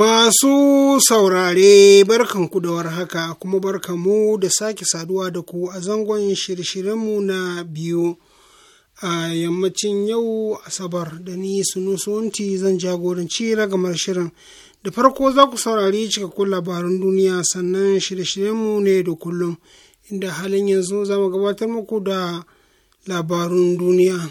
Masu saurare barkanku da warhaka kuma barkanmu da sake saduwa da ku a zangon shirye-shiryenmu na biyu a yammacin yau Asabar da ni sunti zan jagoranci ragamar shirin. Da farko za ku saurari cikakkun labarun duniya sannan shirye-shiryenmu ne da kullum inda halin yanzu za mu gabatar muku da labarun duniya.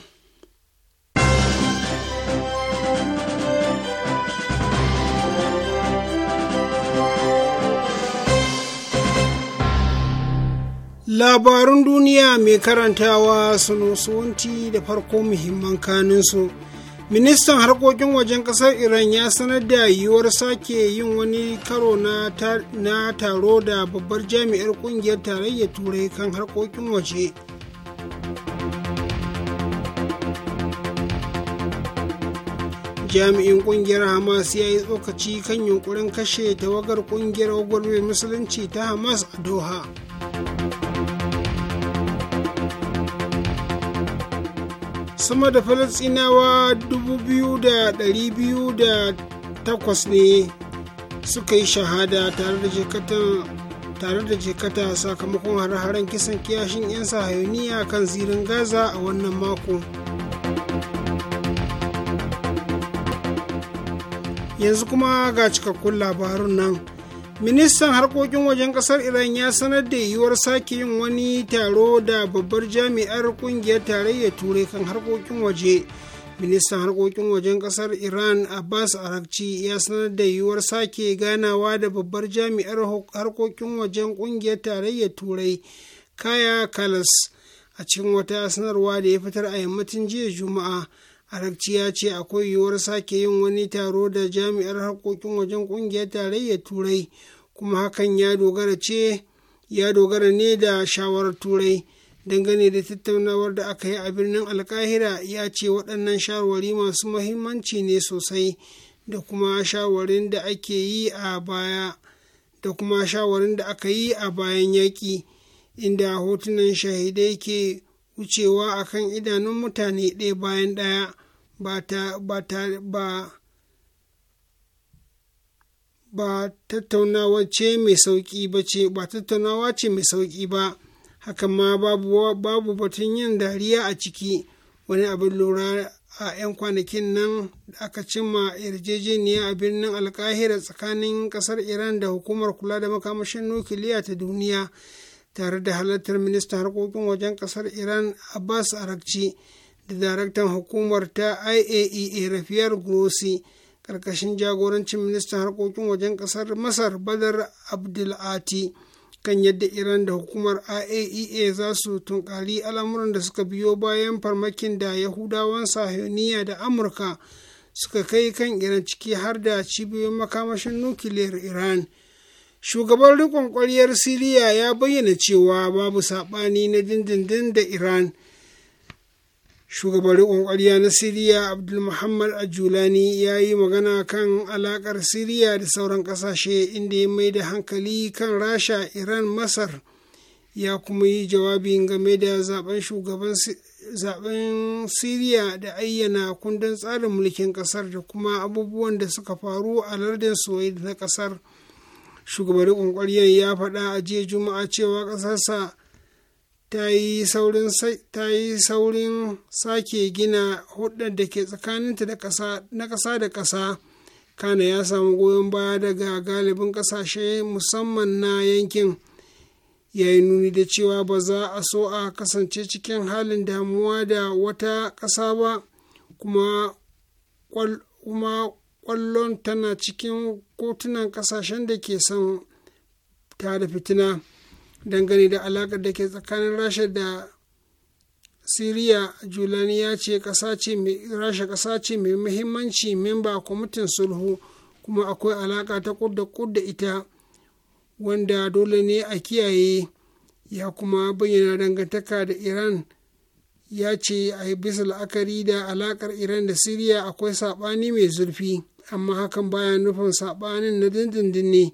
Labarun duniya mai karantawa sunusuwanti da farko muhimman kaninsu. Ministan harkokin wajen kasar Iran ya sanar da yiwuwar sake yin wani karo na taro da babbar jami'ar kungiyar tarayyar turai kan harkokin waje. jami'in kungiyar hamas ya yi tsokaci kan yunkurin kashe tawagar kungiyar gwagwarmar musulunci ta hamas a doha sama da falasinawa 2,208 ne suka yi shahada tare da jikata sakamakon har-haren kisan kiyashin 'yan sahayoniya kan zirin gaza a wannan mako yanzu kuma ga cikakkun labarun nan ministan harkokin wajen kasar iran ya sanar da yiwuwar sake yin wani taro da babbar jami'ar kungiyar tarayyar turai kan harkokin waje ministan harkokin wajen kasar iran abbas arakci ya sanar da yiwuwar sake ganawa da babbar jami'ar harkokin wajen kungiyar tarayyar turai kaya kalas a cikin wata sanarwa da ya fitar a yammacin jiya juma'a Arakci ya ce akwai yiwuwar sake yin wani taro da jami'ar harkokin wajen ƙungiyar tarayyar Turai, kuma hakan ya dogara ce ya dogara ne da shawarar Turai. Dangane da tattaunawar da aka yi a birnin Alkahira ya ce waɗannan shawarwari masu muhimmanci ne sosai da kuma shawarin da ake yi a baya da kuma shawarin da aka yi a bayan yaƙi inda hotunan shahidai ke wucewa a kan idanun mutane ɗaya bayan ɗaya ba ta ba tattaunawa ce mai sauƙi ba ce ba tattaunawa ce mai sauƙi ba haka ma babu batun yin dariya a ciki wani abin lura a 'yan kwanakin nan da aka cimma yarjejeniya a birnin alkahira tsakanin kasar iran da hukumar kula da makamashin nukiliya ta duniya tare da halartar ministan harkokin wajen kasar iran abbas arakci da daraktan hukumar ta iaea e rafiyar grossi karkashin jagorancin ministan harkokin wajen kasar masar badar abdulati kan yadda iran da hukumar iaea e za su tunkari al'amuran da suka biyo bayan farmakin da yahudawan sahuniya da amurka suka kai kan iran ciki har da cibiyoyin makamashin nukiliyar iran shugaban rikon kwaryar siriya ya bayyana cewa babu saɓani na dindindin da iran shugaban rikon kwarya na siriya abdulmuhammad ajulani ya yi magana kan alakar siriya da sauran ƙasashe inda ya mai da hankali kan rasha iran masar ya kuma yi jawabi game da zaben shugaban zaben siriya da ayyana kundin tsarin mulkin kasar da kuma abubuwan da suka faru a lardin soyayya na kasar shugaban ƙwanƙwariyar ya faɗa a jiya juma'a cewa ƙasarsa ta yi saurin sake gina hudar da ke tsakaninta na ƙasa da ƙasa kana ya samu goyon baya daga galibin ƙasashe musamman na yankin ya yi nuni da cewa ba za a so a kasance cikin halin damuwa da wata ƙasa ba kuma kwallon tana cikin kotunan kasashen da ke son ta da fitina dangane da alaƙar da ke tsakanin rasha da siriya julani ya ce rasha ƙasa ce mai muhimmanci memba kwamitin sulhu kuma akwai alaƙa ta kudda kudda ita wanda dole ne a kiyaye ya kuma bayyana dangantaka da iran ya ce a bisa la'akari da alakar iran da siriya akwai saɓani mai zurfi amma hakan baya nufin saɓanin na dindindin ne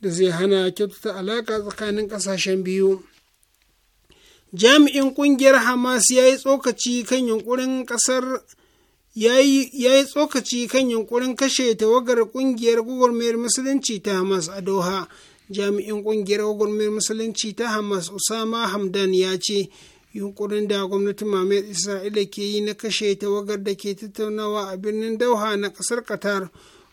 da zai hana kyautata alaka tsakanin ƙasashen biyu jami'in ƙungiyar hamas ya yi tsokaci kan yunkurin ƙasar ya yi tsokaci kan yunkurin kashe tawagar ƙungiyar gwagwarmayar musulunci ta hamas a doha jami'in ƙungiyar gwagwarmayar musulunci ta hamas usama hamdan ya ce yunkurin da gwamnatin mamayar isra'ila ke yi na kashe tawagar da ke tattaunawa a birnin dauha na kasar qatar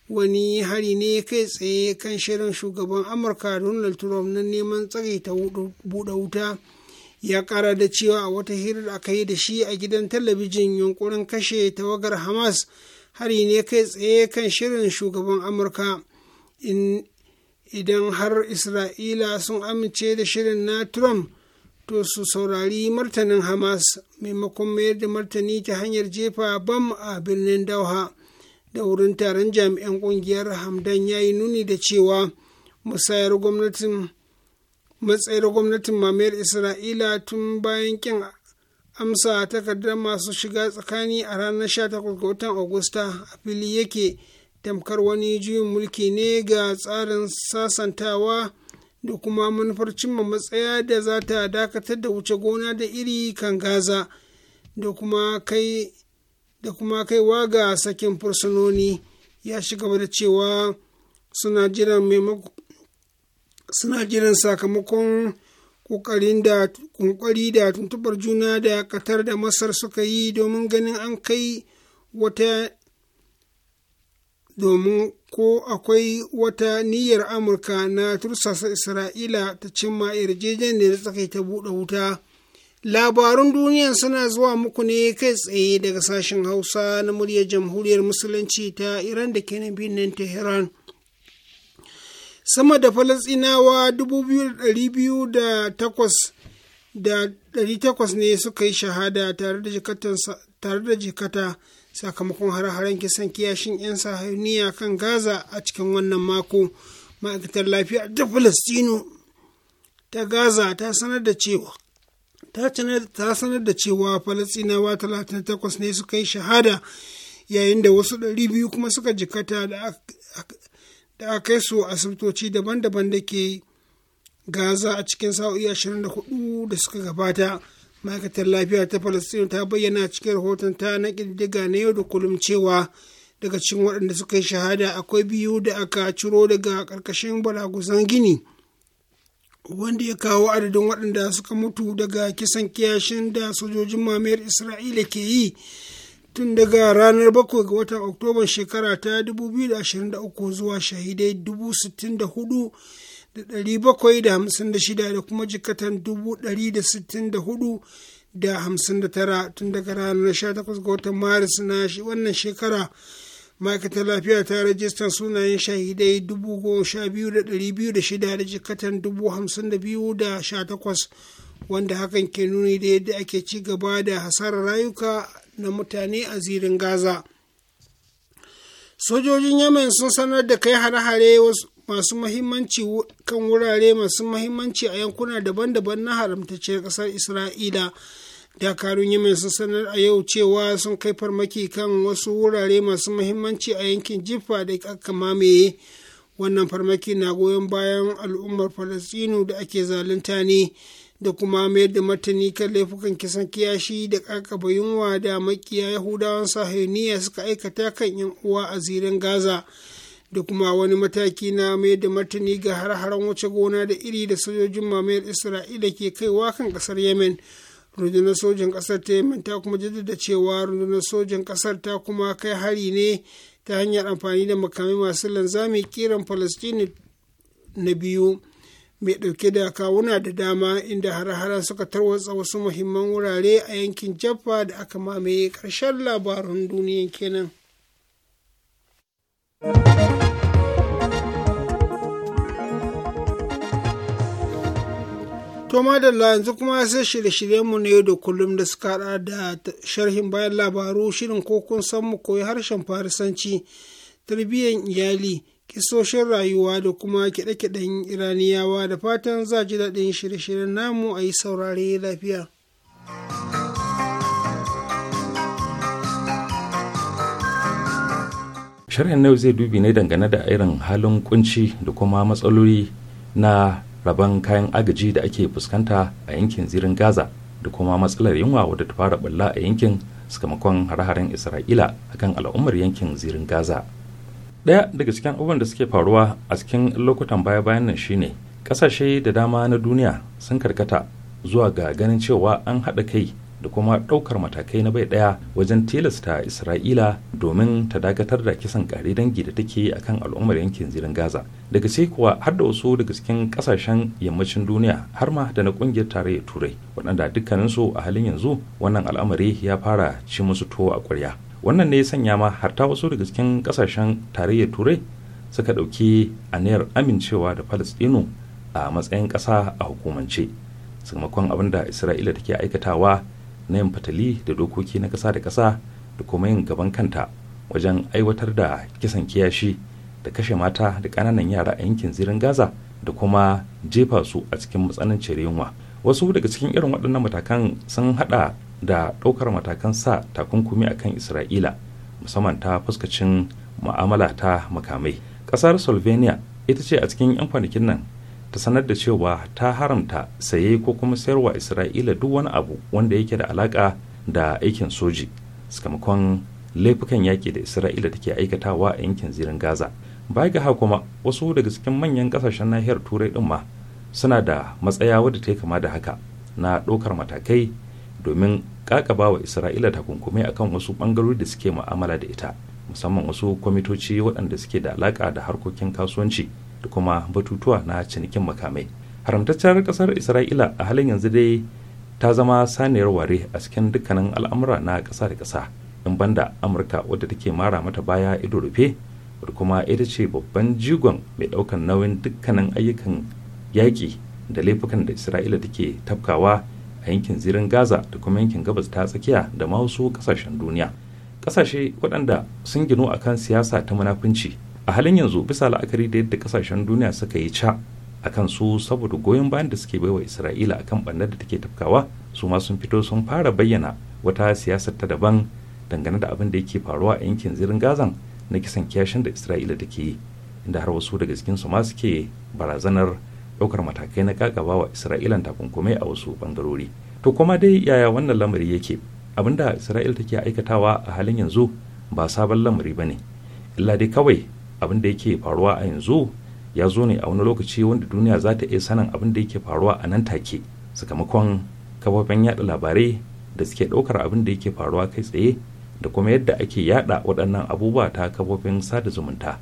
wani hari ne kai tsaye kan shirin shugaban amurka donald trump na neman tsare ta buɗe wuta ya kara da cewa a wata hirar aka yi da shi a gidan talabijin yunkurin kashe tawagar hamas hari ne kai tsaye kan shirin shugaban amurka idan har isra'ila sun amince da shirin na trump to su saurari martanin hamas maimakon mayar da martani ta hanyar jefa bam a birnin dauha da wurin taron jami'an kungiyar hamdan ya yi nuni da cewa musayar gwamnatin matsayar gwamnatin mamayar isra'ila tun bayan kin amsa takardar masu shiga tsakani a ranar 18 ga watan agusta a fili yake tamkar wani juyin mulki ne ga tsarin sasantawa da kuma manufar cimma matsaya da za ta dakatar da wuce gona da iri kan gaza da kuma kaiwa ga sakin fursunoni ya shi gaba da cewa suna jiran sakamakon kokari da kokari da tuntubar juna da katar da masar suka yi domin ganin an kai wata domin ko akwai wata niyyar amurka na tursasa isra'ila ta cimma yarjejeniyar tsakai ta buɗe wuta labarun duniya suna zuwa muku ne kai tsaye daga sashen hausa na murya jamhuriyar musulunci ta iran da ke nan tehran sama da falasinawa 2,800 ne suka yi shahada tare da jikata sakamakon har-haren kisan kiyashin 'yan sahaniya kan gaza a cikin wannan mako ma'aikatar lafiya ta falastinu ta gaza ta sanar da cewa ta sanar da cewa falastinawa 38 ne suka yi shahada yayin da wasu 200 kuma suka jikata da aka kai su asibitoci daban-daban da ke gaza a cikin sa'o'i 24 da suka gabata ma'aikatar lafiya ta palestine ta bayyana cikin rahoton ta na ƙididdiga na yau da kullum cewa daga cikin waɗanda suka yi shahada akwai biyu da aka ciro daga ƙarƙashin balaguzan gini wanda ya kawo adadin waɗanda suka mutu daga kisan kiyashin da sojojin mamayar isra'ila ke yi tun daga ranar bakwai ga watan oktoba shekara ta 2023 zuwa shahidai 64 da ɗari bakwai da hamsin da shida da kuma jikatan dubu ɗari da sittin da hudu da hamsin da tara tun daga ranar sha takwas ga watan maris na wannan shekara ma'aikatar lafiya ta rajistar sunayen shahidai dubu goma sha biyu da ɗari biyu da shida da jikatan dubu hamsin da biyu da sha takwas wanda hakan ke nuni da yadda ake ci gaba da hasarar rayuka na mutane a zirin gaza sojojin yemen sun sanar da kai hare-hare masu mahimmanci kan wurare masu mahimmanci a yankuna daban-daban na haramtaccen ƙasar isra'ila dakarun yi sun sanar a yau cewa sun kai farmaki kan wasu wurare masu mahimmanci a yankin jifa da aka mamaye wannan farmaki na goyon bayan al'ummar falastinu da ake zalunta ne da kuma mayar da martani kan laifukan kisan kiyashi da kakaba yunwa da makiya yahudawan sahiyoniya suka aikata kan yan uwa a zirin gaza da kuma wani mataki na mai da martani ga har-haren wuce gona da iri da sojojin mamayar isra'ila ke kaiwa kan kasar yemen rundunar sojin kasar ta yemen ta kuma jaddada cewa rundunar sojin kasar ta kuma kai hari ne ta hanyar amfani da makamai masu lanzami kiran palestine na biyu mai dauke da kawuna da dama inda har-haren suka tarwatsa wasu muhimman wurare a yankin jaffa da aka mamaye karshen labarin duniyan kenan. To madalla yanzu kuma sai shirye-shiryenmu ne da kullum da suka hada da sharhin bayan labaru shirin ko kun san mu koyi harshen farisanci tarbiyyan iyali kisoshin rayuwa da kuma kiɗe-kiɗen iraniyawa da fatan za ji daɗin shirye-shiryen namu a yi saurare lafiya. shirin yau zai dubi ne dangane da irin halin kunci da kuma matsaloli na rabon kayan agaji da ake fuskanta a yankin zirin gaza da kuma matsalar yunwa wadda ta fara bulla a yankin sakamakon hare-haren isra'ila akan al'ummar yankin zirin gaza ɗaya daga cikin abubuwan da suke faruwa a cikin lokutan baya-bayan nan shine ƙasashe da dama na duniya sun karkata zuwa ga ganin cewa an haɗa kai da kuma ɗaukar matakai na bai ɗaya wajen tilasta isra'ila domin ta dakatar da kisan ƙare dangi da take a kan al'ummar yankin zirin gaza daga sai kuwa har da wasu daga cikin ƙasashen yammacin duniya har ma da na ƙungiyar tarayyar turai waɗanda dukkaninsu a halin yanzu wannan al'amari ya fara ci musu tuwo a ƙwarya wannan ne ya sanya ma har ta wasu daga cikin ƙasashen tarayyar turai suka ɗauki aniyar amincewa da falastinu a matsayin ƙasa a hukumance sakamakon abin da isra'ila take aikatawa na yin fatali da dokoki na ƙasa da ƙasa da kuma yin gaban kanta wajen aiwatar da kisan kiyashi da kashe mata da ƙananan yara a yankin zirin gaza da kuma jefa su a cikin matsanancin yunwa wasu daga cikin irin waɗannan matakan sun haɗa da ɗaukar matakan sa takunkumi a kan isra'ila musamman ta fuskacin ma'amala ta makamai ƙasar slovenia ita ce a cikin 'yan kwanakin nan ta sanar da cewa ta haramta saye ko kuma sayarwa isra'ila duk wani abu wanda yake da alaka da aikin soji sakamakon laifukan yaƙi da isra'ila take aikatawa a yankin zirin gaza baya ga haka kuma wasu daga cikin manyan kasashen nahiyar turai din ma suna da matsaya wadda ta kama da haka na ɗaukar matakai domin kakaba wa isra'ila takunkumai akan wasu ɓangarori da suke mu'amala da ita musamman wasu kwamitoci waɗanda suke da alaka da harkokin kasuwanci da kuma batutuwa na cinikin makamai haramtacciyar kasar isra'ila a halin yanzu dai ta zama saniyar ware a cikin dukkanin al'amura na ƙasa da ƙasa in banda amurka wadda take mara mata baya ido rufe wadda kuma ita ce babban jigon mai ɗaukan nauyin dukkanin ayyukan yaƙi da laifukan da isra'ila take tafkawa a yankin zirin gaza da kuma yankin gabas ta tsakiya da ma wasu ƙasashen duniya ƙasashe waɗanda sun ginu akan siyasa ta munafunci a halin yanzu bisa la'akari da yadda kasashen duniya suka yi ca a kan su saboda goyon bayan da suke baiwa isra'ila akan bannar da take tafkawa su ma sun fito sun fara bayyana wata siyasar ta daban dangane da abin da yake faruwa a yankin zirin gazan na kisan kiyashin da isra'ila take yi inda har wasu daga cikin su ma suke barazanar ɗaukar matakai na kakaba wa isra'ilan takunkumai a wasu bangarori to kuma dai yaya wannan lamari yake abinda isra'il take aikatawa a halin yanzu ba sabon lamari ba ne illa dai kawai abin da yake faruwa a yanzu ya zo ne a wani lokaci wanda duniya za ta iya sanin abin da yake faruwa a nan take sakamakon kafofin yada labarai da suke daukar abin da yake faruwa kai tsaye da kuma yadda ake yada waɗannan abubuwa ta kafofin sada zumunta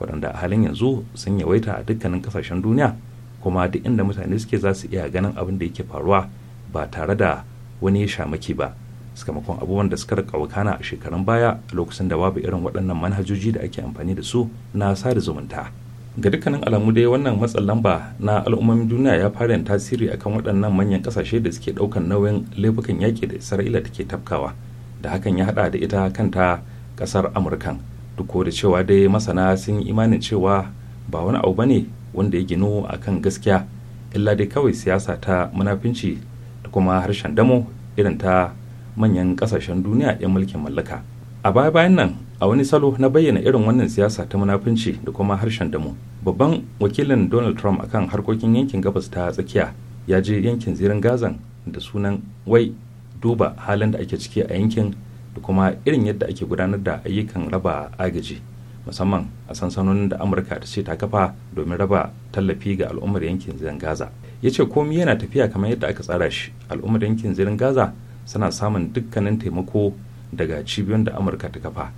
waɗanda a halin yanzu sun yawaita a dukkanin kasashen duniya kuma duk inda mutane suke za su iya ganin abin da yake faruwa ba tare da wani shamaki ba sakamakon abubuwan da suka rika wakana a shekarun baya lokacin da babu irin waɗannan manhajoji da ake amfani da su na sada zumunta ga dukkanin alamu dai wannan matsin lamba na al'ummomin duniya ya fara yin tasiri akan waɗannan manyan ƙasashe da suke ɗaukan nauyin laifukan yaƙi da isra'ila take tafkawa da hakan ya haɗa da ita kanta ƙasar amurkan duk da cewa dai masana sun yi imanin cewa ba wani abu bane wanda ya ginu akan gaskiya illa dai kawai siyasa ta munafinci da kuma harshen damo irin ta manyan kasashen duniya 'yan mulkin mallaka a baya bayan nan a wani salo na bayyana irin wannan siyasa ta munafunci da kuma harshen damu babban wakilin donald trump akan harkokin yankin gabas ta tsakiya ya je yankin zirin gazan da sunan wai duba halin da ake ciki a yankin da kuma irin yadda ake gudanar da ayyukan raba agaji musamman a sansanonin da amurka ta ce ta kafa domin raba tallafi ga al'ummar yankin zirin gaza ya ce komi yana tafiya kamar yadda aka tsara shi al'ummar yankin zirin gaza suna samun dukkanin taimako daga cibiyoyin da amurka ta kafa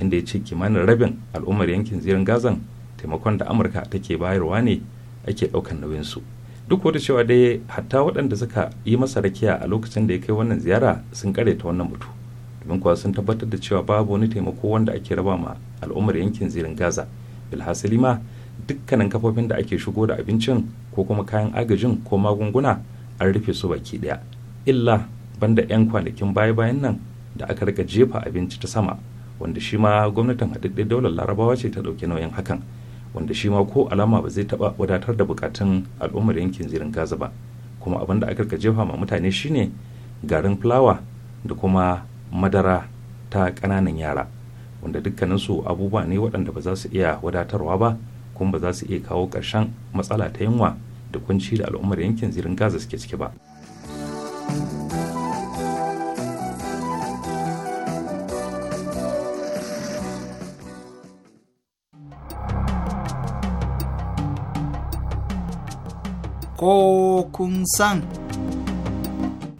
inda ya ce kimanin rabin al'ummar yankin zirin gazan taimakon da amurka take bayarwa ne ake ɗaukan nauyinsu duk wata cewa dai hatta waɗanda suka yi masa rakiya a lokacin da ya kai wannan ziyara sun kare ta wannan mutu domin kuwa sun tabbatar da cewa babu wani taimako wanda ake raba ma al'ummar yankin zirin gaza bilhassali ma dukkanin kafofin da ake shigo da abincin ko kuma kayan agajin ko magunguna an rufe su baki daya illa banda 'yan kwanakin baya-bayan nan da aka rika jefa abinci ta sama wanda shi ma gwamnatin haɗaɗɗen daular larabawa ce ta ɗauki nauyin hakan wanda shi ma ko alama ba zai taɓa wadatar da bukatun al'ummar yankin zirin gaza ba kuma abin da aka rika jefa ma mutane shine garin fulawa da kuma madara ta ƙananan yara wanda dukkaninsu abubuwa ne waɗanda ba za su iya wadatarwa ba kuma ba za su iya kawo ƙarshen matsala ta yunwa da kunci da al'ummar yankin zirin gaza suke ciki ba. ko kun san.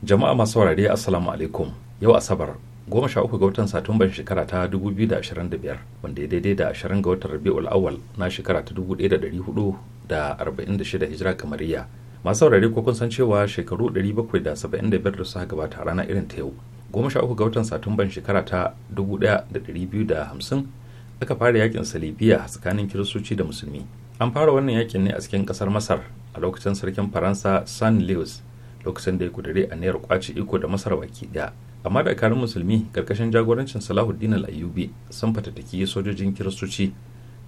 Jama'a masu warare Assalamu alaikum yau Asabar goma sha uku ga watan Satumban shekara ta 2025 wanda ya daidai da 20 ga watan Rabi'ul Awwal na shekara ta 1446 Hijira kamariya. Masu saurare ko kun san cewa shekaru 775 da suka gabata a rana irin ta yau goma sha uku ga watan Satumban shekara ta 1250 aka fara yakin salibiya tsakanin kiristoci da musulmi. An fara wannan yakin ne a cikin kasar Masar a lokacin sarkin faransa san louis lokacin da ya kudure naira kwace iko da masar baki daya amma da dakarun musulmi karkashin jagorancin salahuddin al-ayyubi sun fatattaki sojojin kiristoci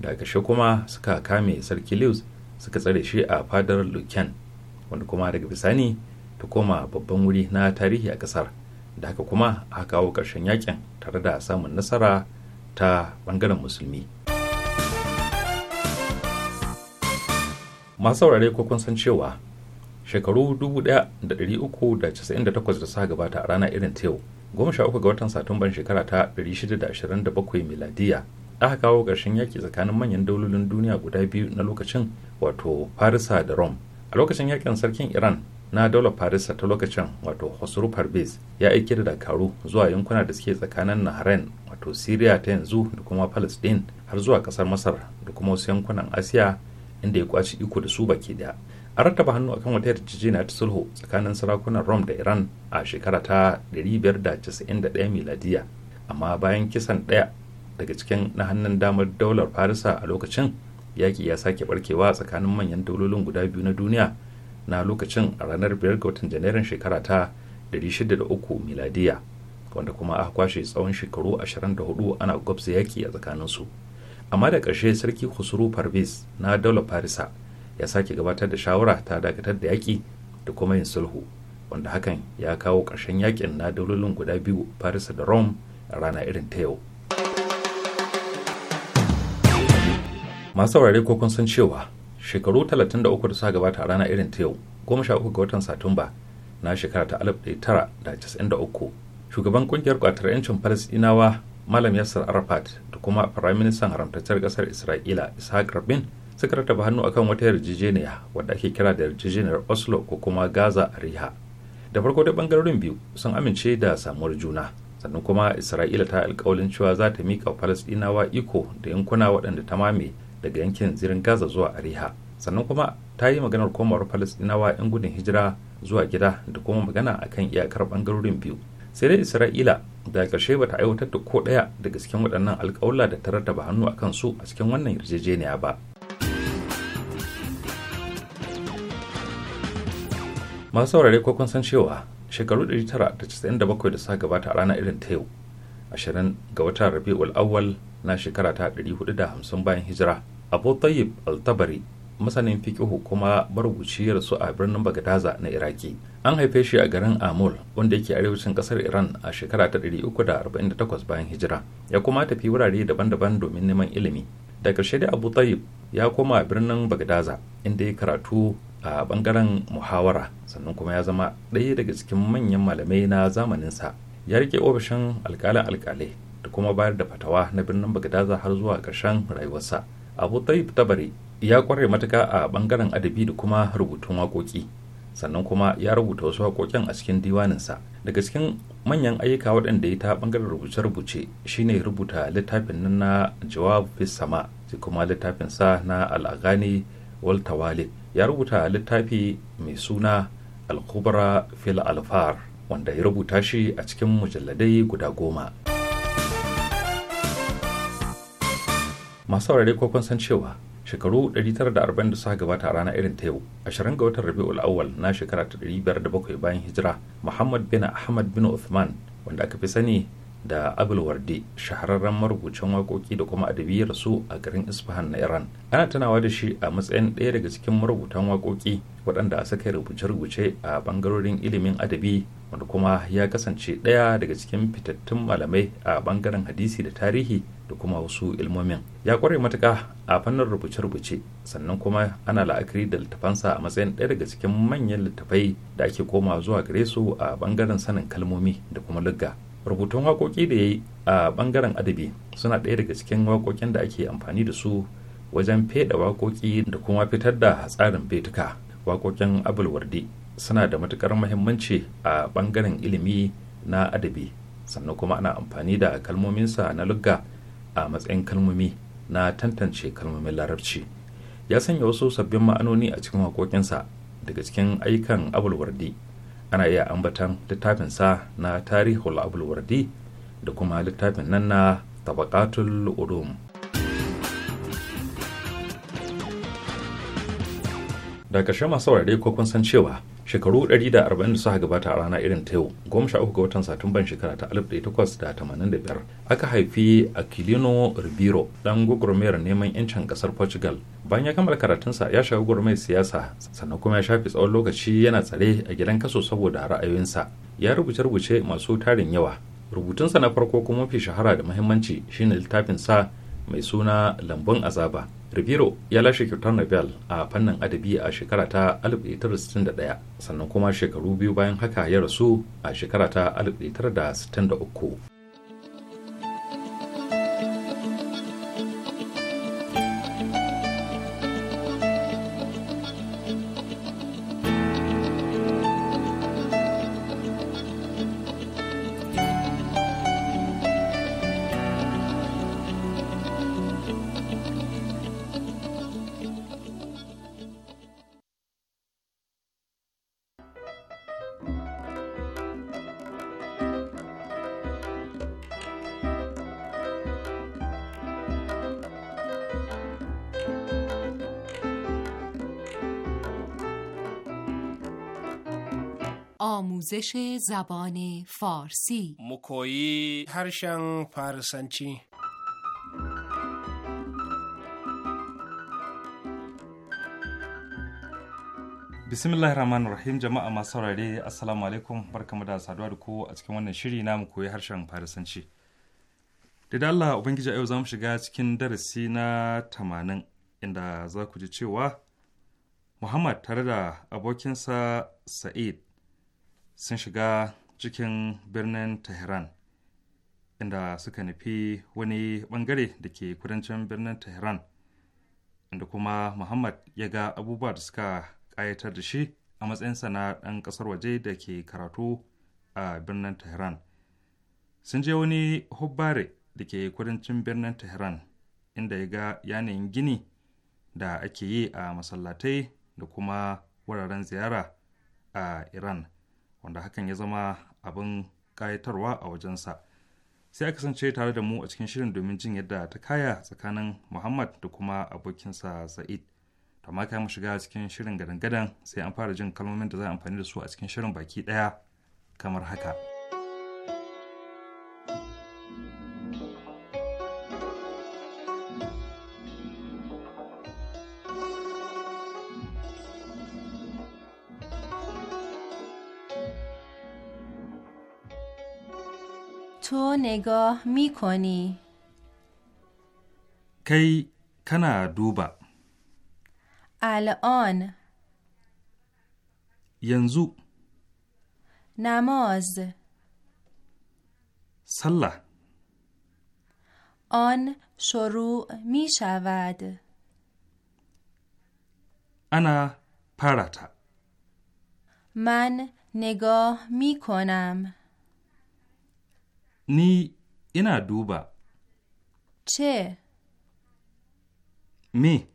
da kashe kuma suka kame sarki louis suka tsare shi a fadar lucan wanda kuma daga bisani ta koma babban wuri na tarihi a kasar da haka kuma a kawo ƙarshen yakin tare da samun nasara ta bangaren musulmi masu saurare ko kun san cewa shekaru 1398 da suka gabata a rana irin ta yau goma sha uku ga watan satumban shekara ta 627 miladiya aka kawo karshen yaki tsakanin manyan daulolin duniya guda biyu na lokacin wato farisa da rom a lokacin yakin sarkin iran na daular farisa ta lokacin wato hosuru ya aiki da dakaru zuwa yankuna da suke tsakanin nahrain wato syria ta yanzu da kuma palestine har zuwa kasar masar da kuma wasu yankunan asiya inda ya kwaci iko da su baki daya an rattaba hannu akan wata yarjejeniya ta sulhu tsakanin sarakunan rom da Iran a shekara ta 591 miladiya amma bayan kisan daya daga cikin na hannun damar daular Farisa a lokacin yaƙi ya sake barkewa tsakanin manyan daulolin guda biyu na duniya na lokacin a ranar 5 ga watan janairun shekara ta 603 miladiya wanda kuma aka kwashe tsawon shekaru 24 ana gwabza yaƙi a tsakanin su amma da ƙarshe sarki husuru parvis na daular farisa ya sake gabatar da shawara ta dakatar da yaƙi da kuma yin sulhu wanda hakan ya kawo ƙarshen yaƙin na daulolin guda biyu farisa da rome a rana irin ta yau masu saurare ko kun san cewa shekaru 33 da suka gabata a rana irin ta yau goma sha uku ga watan satumba na shekara ta 1993 shugaban kungiyar kwatar 'yancin falasɗinawa malam yasir arafat da kuma firaministan haramtacciyar kasar isra'ila ishaq rabin suka rattaba hannu akan wata yarjejeniya wadda ake kira da yarjejeniyar oslo ko kuma gaza a riha da farko da bangarorin biyu sun amince da samuwar juna sannan kuma isra'ila ta alkawalin cewa za ta miƙa falasɗinawa iko da yankuna waɗanda ta mame daga yankin zirin gaza zuwa ariha sannan kuma ta yi maganar komawar falasɗinawa 'yan gudun hijira zuwa gida da kuma magana akan iyakar bangarorin biyu sai dai isra'ila da ƙarshe ba ta aiwatar da ko ɗaya daga cikin waɗannan alƙawla da ta rattaba hannu a kansu a cikin wannan yarjejeniya ba masu saurare ko kun san cewa shekaru 997 da suka gabata a rana irin ta yau 20 ga watan rabi'ul awwal na shekara ta 450 bayan hijira abu tayyib al-tabari masanin fikihu kuma marubuciyar su a birnin bagadaza na iraki an haife shi a garin amul wanda yake arewacin kasar iran a shekara ta 348 bayan hijira ya kuma tafi wurare daban-daban domin neman ilimi da ƙarshe da abu tayyib ya koma birnin bagadaza inda ya karatu a bangaren muhawara sannan kuma ya zama ɗaya daga cikin manyan malamai na zamaninsa ya rike ofishin alkalin alkalai da kuma bayar da fatawa na birnin bagadaza har zuwa ƙarshen rayuwarsa abu tayyib tabari ya kware matuka a bangaren adabi da kuma rubutun waƙoƙi sannan kuma ya rubuta wasu waƙoƙin a cikin diwaninsa daga cikin manyan ayyuka waɗanda ya ta bangaren rubuce-rubuce shine rubuta littafin nan na jawab fi sama sai kuma littafin sa na al'agani Waltawali, ya rubuta littafi mai suna al-kubra fil alfar wanda ya rubuta shi a cikin mujalladai guda goma masu saurare ko kun san cewa shekaru 940 da suka gabata a ranar irin ta yau 20 ga watan rabi'ul awwal na shekara ta 507 bayan hijira muhammad bin ahmad bin uthman wanda aka fi sani da abulwardi shahararren marubucin waƙoƙi da kuma adabi ya a garin isfahan na iran ana tunawa da shi a matsayin ɗaya daga cikin marubutan waƙoƙi waɗanda a saka rubuce-rubuce a bangarorin ilimin adabi wanda kuma ya kasance ɗaya daga cikin fitattun malamai a bangaren hadisi da tarihi da kuma wasu ilmomin ya ƙware matuka a fannin rubuce-rubuce sannan kuma ana la'akari da littafansa a matsayin ɗaya daga cikin manyan littafai da ake koma zuwa gare su a ɓangaren sanin kalmomi da kuma lugga rubutun waƙoƙi da ya yi a ɓangaren adabi suna ɗaya daga cikin waƙoƙin da ake amfani da su wajen feɗa waƙoƙi da kuma fitar da tsarin betuka waƙoƙin abulwardi suna da matuƙar muhimmanci a ɓangaren ilimi na adabi sannan kuma ana amfani da kalmominsa na lugga a matsayin kalmomi na tantance kalmomin larabci ya sanya wasu sabbin ma'anoni a cikin waƙoƙinsa daga cikin aikan abulwardi ana iya ambatan littafin sa na tarihul abulwardi da kuma littafin nan na tabakatul ulum da ƙarshe masu ko kun san cewa shekaru 140 da suka gabata a rana irin ta yau goma sha uku ga watan satumban shekara ta biyar. aka haifi aquilino ribeiro dan gwagwarmayar neman yancin kasar portugal bayan ya kammala karatunsa ya shiga gwagwarmayar siyasa sannan kuma ya shafi tsawon lokaci yana tsare a gidan kaso saboda ra'ayoyinsa ya rubuce rubuce masu tarin yawa rubutunsa na farko kuma mafi shahara da muhimmanci shine littafin sa mai suna lambun azaba ribiro ya lashe kyautar nobel a fannin adabi a shekara ta 1961 sannan kuma shekaru biyu bayan haka ya rasu a shekara ta 1963 آموزش زبان فارسی مکویی هرشن فارسنچی bismillah rahman rahim jama'a masu saurare assalamu alaikum barkamu da saduwa da ku a cikin wannan shiri na mu koyi harshen farisanci da Allah ubangiji yau za mu shiga cikin darasi na tamanin inda za ku ji cewa muhammad tare da abokinsa sa'id sun shiga cikin birnin tehran inda suka nufi wani bangare da ke kudancin birnin tehran inda kuma muhammad ya ga abubuwa da suka ƙayatar da shi a matsayinsa na ɗan ƙasar waje da ke karatu a birnin tehran sun je wani hubbare da ke kudancin birnin tehran inda ya ga yanayin gini da ake yi a masallatai da kuma wuraren ziyara a iran wanda hakan ya zama abin kayatarwa a wajensa sai aka kasance tare da mu a cikin shirin domin jin yadda ta kaya tsakanin muhammad da kuma abokinsa sa'id to ma mu shiga cikin shirin gadan-gadan sai an fara jin kalmomin da za a amfani da su a cikin shirin baki ɗaya kamar haka. تو نگاه می کنی کی کنا دوبا الان ینزو نماز سله آن شروع می شود انا پرتا من نگاه می کنم Ni ina duba. Ce. Me.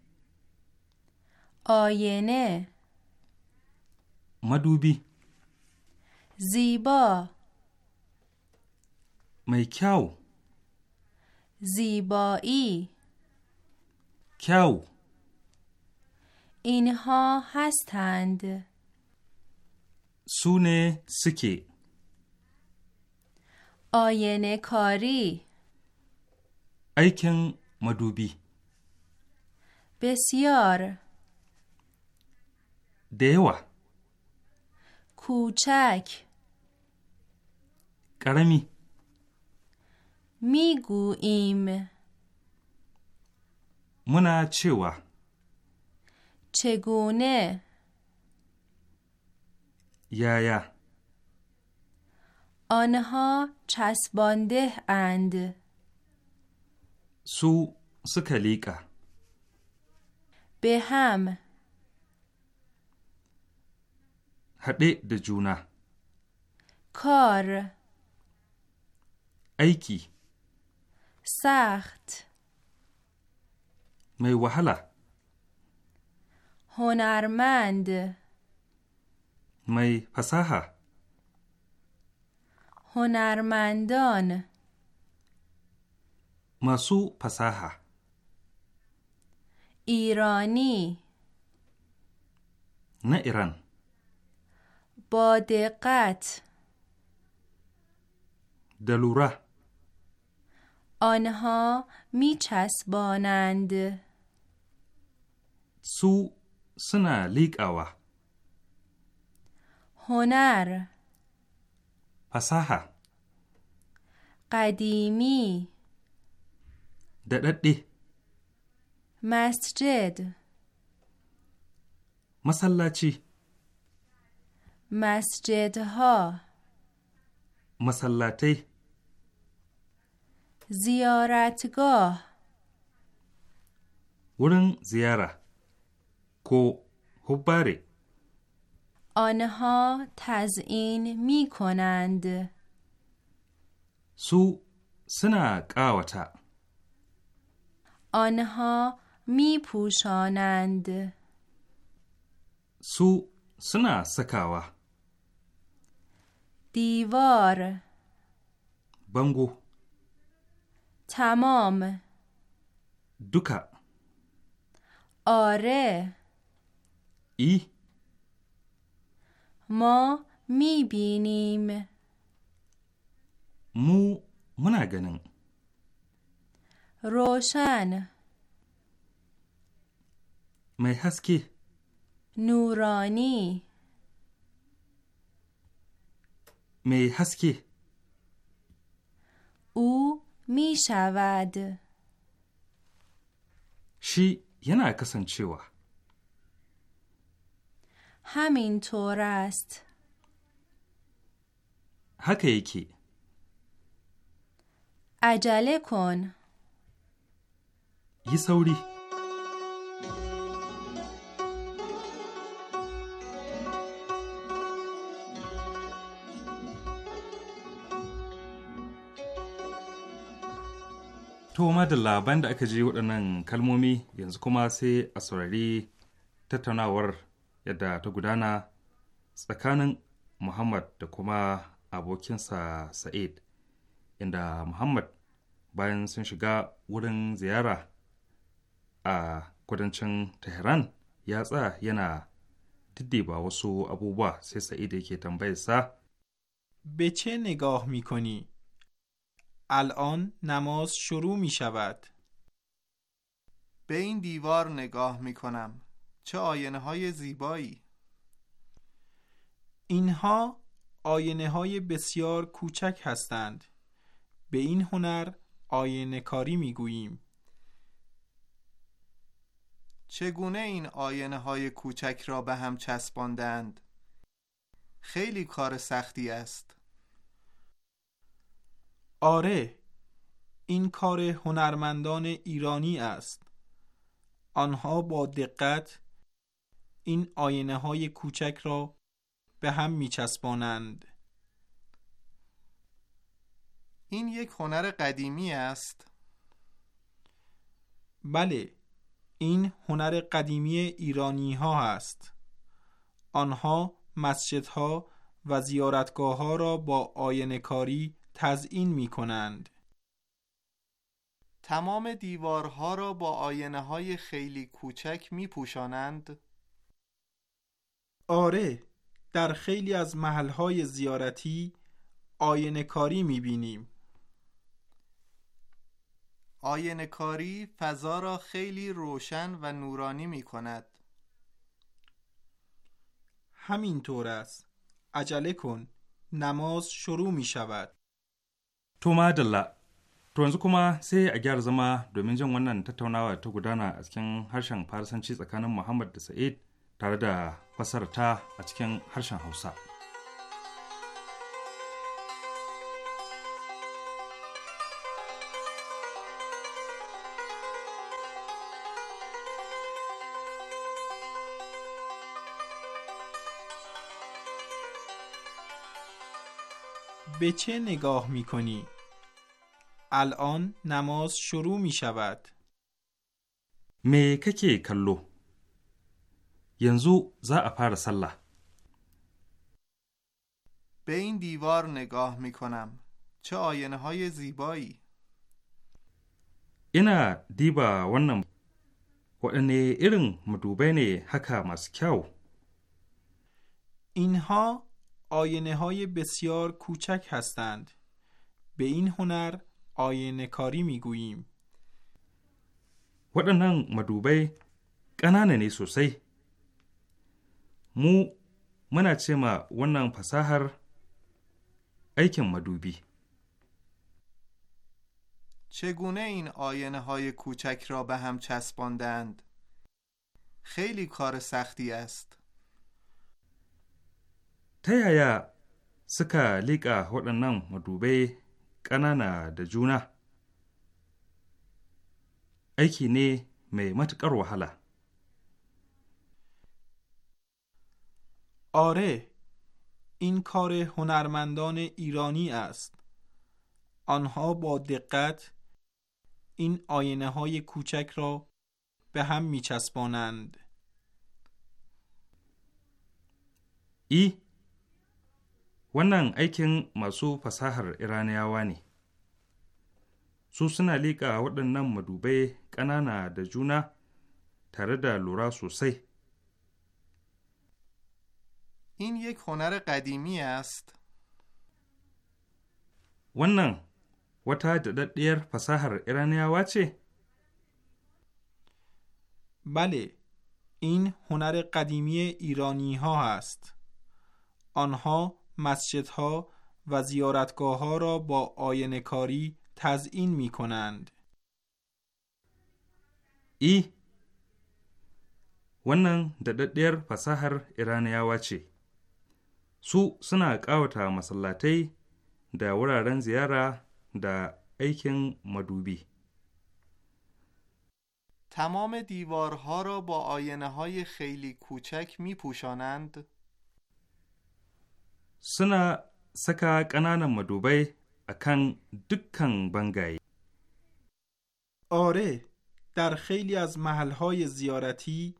Oyene. Oh, Madubi. Ziba. Mai kyau. Ziba'i. Kyau. اینها hastand. Sune suke. آینه کاری ایکن مدوبی بسیار دیوا کوچک کرمی میگوییم منا چوا چگونه یا یا آنها چسبانده اند سو سکلیکا به هم هده دجونا کار ایکی سخت می وحلا هنرمند می فساحه هنرمندان مسو پساها ایرانی نه ایران با دقت دلوره آنها می چسبانند سو سنا لیک هنر fasaha kadimi da ɗaɗɗe masjid masallaci masjid ha masallatai ziyarat wurin ziyara ko hubbare آنها تزئین می کنند سو سنا قاوتا آنها می پوشانند سو سنا سکاوا دیوار بنگو تمام دکا. آره ای ما می بینیم مو منا گنن روشن می هسکی نورانی می هسکی او می شود شی ینا کسانچیوا همین طور است haka yake عجله کن yi sauri To labar da aka ji waɗannan kalmomi yanzu kuma sai a saurari tattaunawar yadda ta gudana tsakanin muhammad da kuma abokinsa sa'id inda muhammad bayan sun shiga wurin ziyara a kudancin tehran ya tsaya yana diddiba wasu abubuwa sai sa'id yake tambayarsa به چه نگاه می کنی؟ الان نماز شروع می شود. به این دیوار نگاه می کنم. چه آینه های زیبایی اینها آینه های بسیار کوچک هستند به این هنر آینه کاری می گوییم چگونه این آینه های کوچک را به هم چسباندند؟ خیلی کار سختی است آره این کار هنرمندان ایرانی است آنها با دقت این آینه های کوچک را به هم می چسبانند. این یک هنر قدیمی است. بله، این هنر قدیمی ایرانی ها است. آنها مسجدها و زیارتگاه ها را با آینه کاری تزئین می کنند. تمام دیوارها را با آینه های خیلی کوچک می پوشانند. آره در خیلی از محلهای زیارتی آینه کاری میبینیم آینه کاری فضا را خیلی روشن و نورانی می کند همینطور است عجله کن نماز شروع می شود تو مدلا تو انزو کوما سه اگر زما دومین domin ونن wannan tattaunawa ta gudana a cikin harshen Farisanci چیز Muhammad محمد سعید. tare da ta a cikin harshen Hausa. به چه نگاه می کنی؟ الان نماز شروع می شود. می کلو ینزو زا افار سله به این دیوار نگاه می کنم چه آینه های زیبایی اینا دیبا wannan waɗanne irin madubai ne haka masu kyau اینها آینه های بسیار کوچک هستند به این هنر آینه کاری می گوییم waɗannan madubai ƙanana ne mu muna ce ma wannan fasahar aikin madubi. چگونه این آینه های کوچک را به هم چسباندند؟ خیلی کار سختی است. ta yaya suka liƙa waɗannan madubai ƙanana da juna aiki ne mai matuƙar wahala آره این کار هنرمندان ایرانی است آنها با دقت این آینه های کوچک را به هم می چسبانند ای wannan aikin masu fasahar iraniyawa ne su suna liƙa waɗannan madubai ƙanana da juna tare da lura sosai این یک هنر قدیمی است. ونن وتا دددیر فساهر ایرانیا واچه بله این هنر قدیمی ایرانی ها است. آنها ها و زیارتگاه ها را با آینه کاری تزئین می کنند. ای ونن دددیر فساهر ایرانیاوا چه؟ su suna ƙawata masallatai da wuraren ziyara da aikin madubi. تمام دیوارها را با آینه های خیلی کوچک می پوشانند؟ سنا سکا قنان مدوبه اکن دکن بنگای آره در خیلی از محلهای زیارتی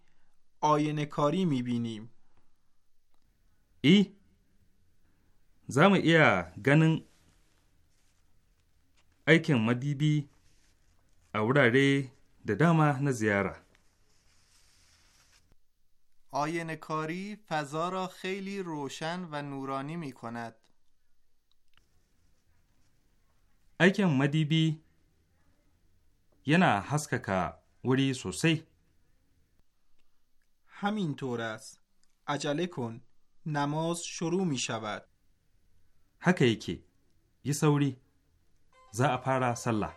آینه کاری می بینیم ای za mu iya ganin aikin madibi a wurare da dama na ziyara. آینه کاری فضا را خیلی روشن و نورانی می کند. aikin madibi yana haskaka wuri sosai. همینطور است. عجله کن. نماز شروع می شود. haka yake yi sauri za a fara sallah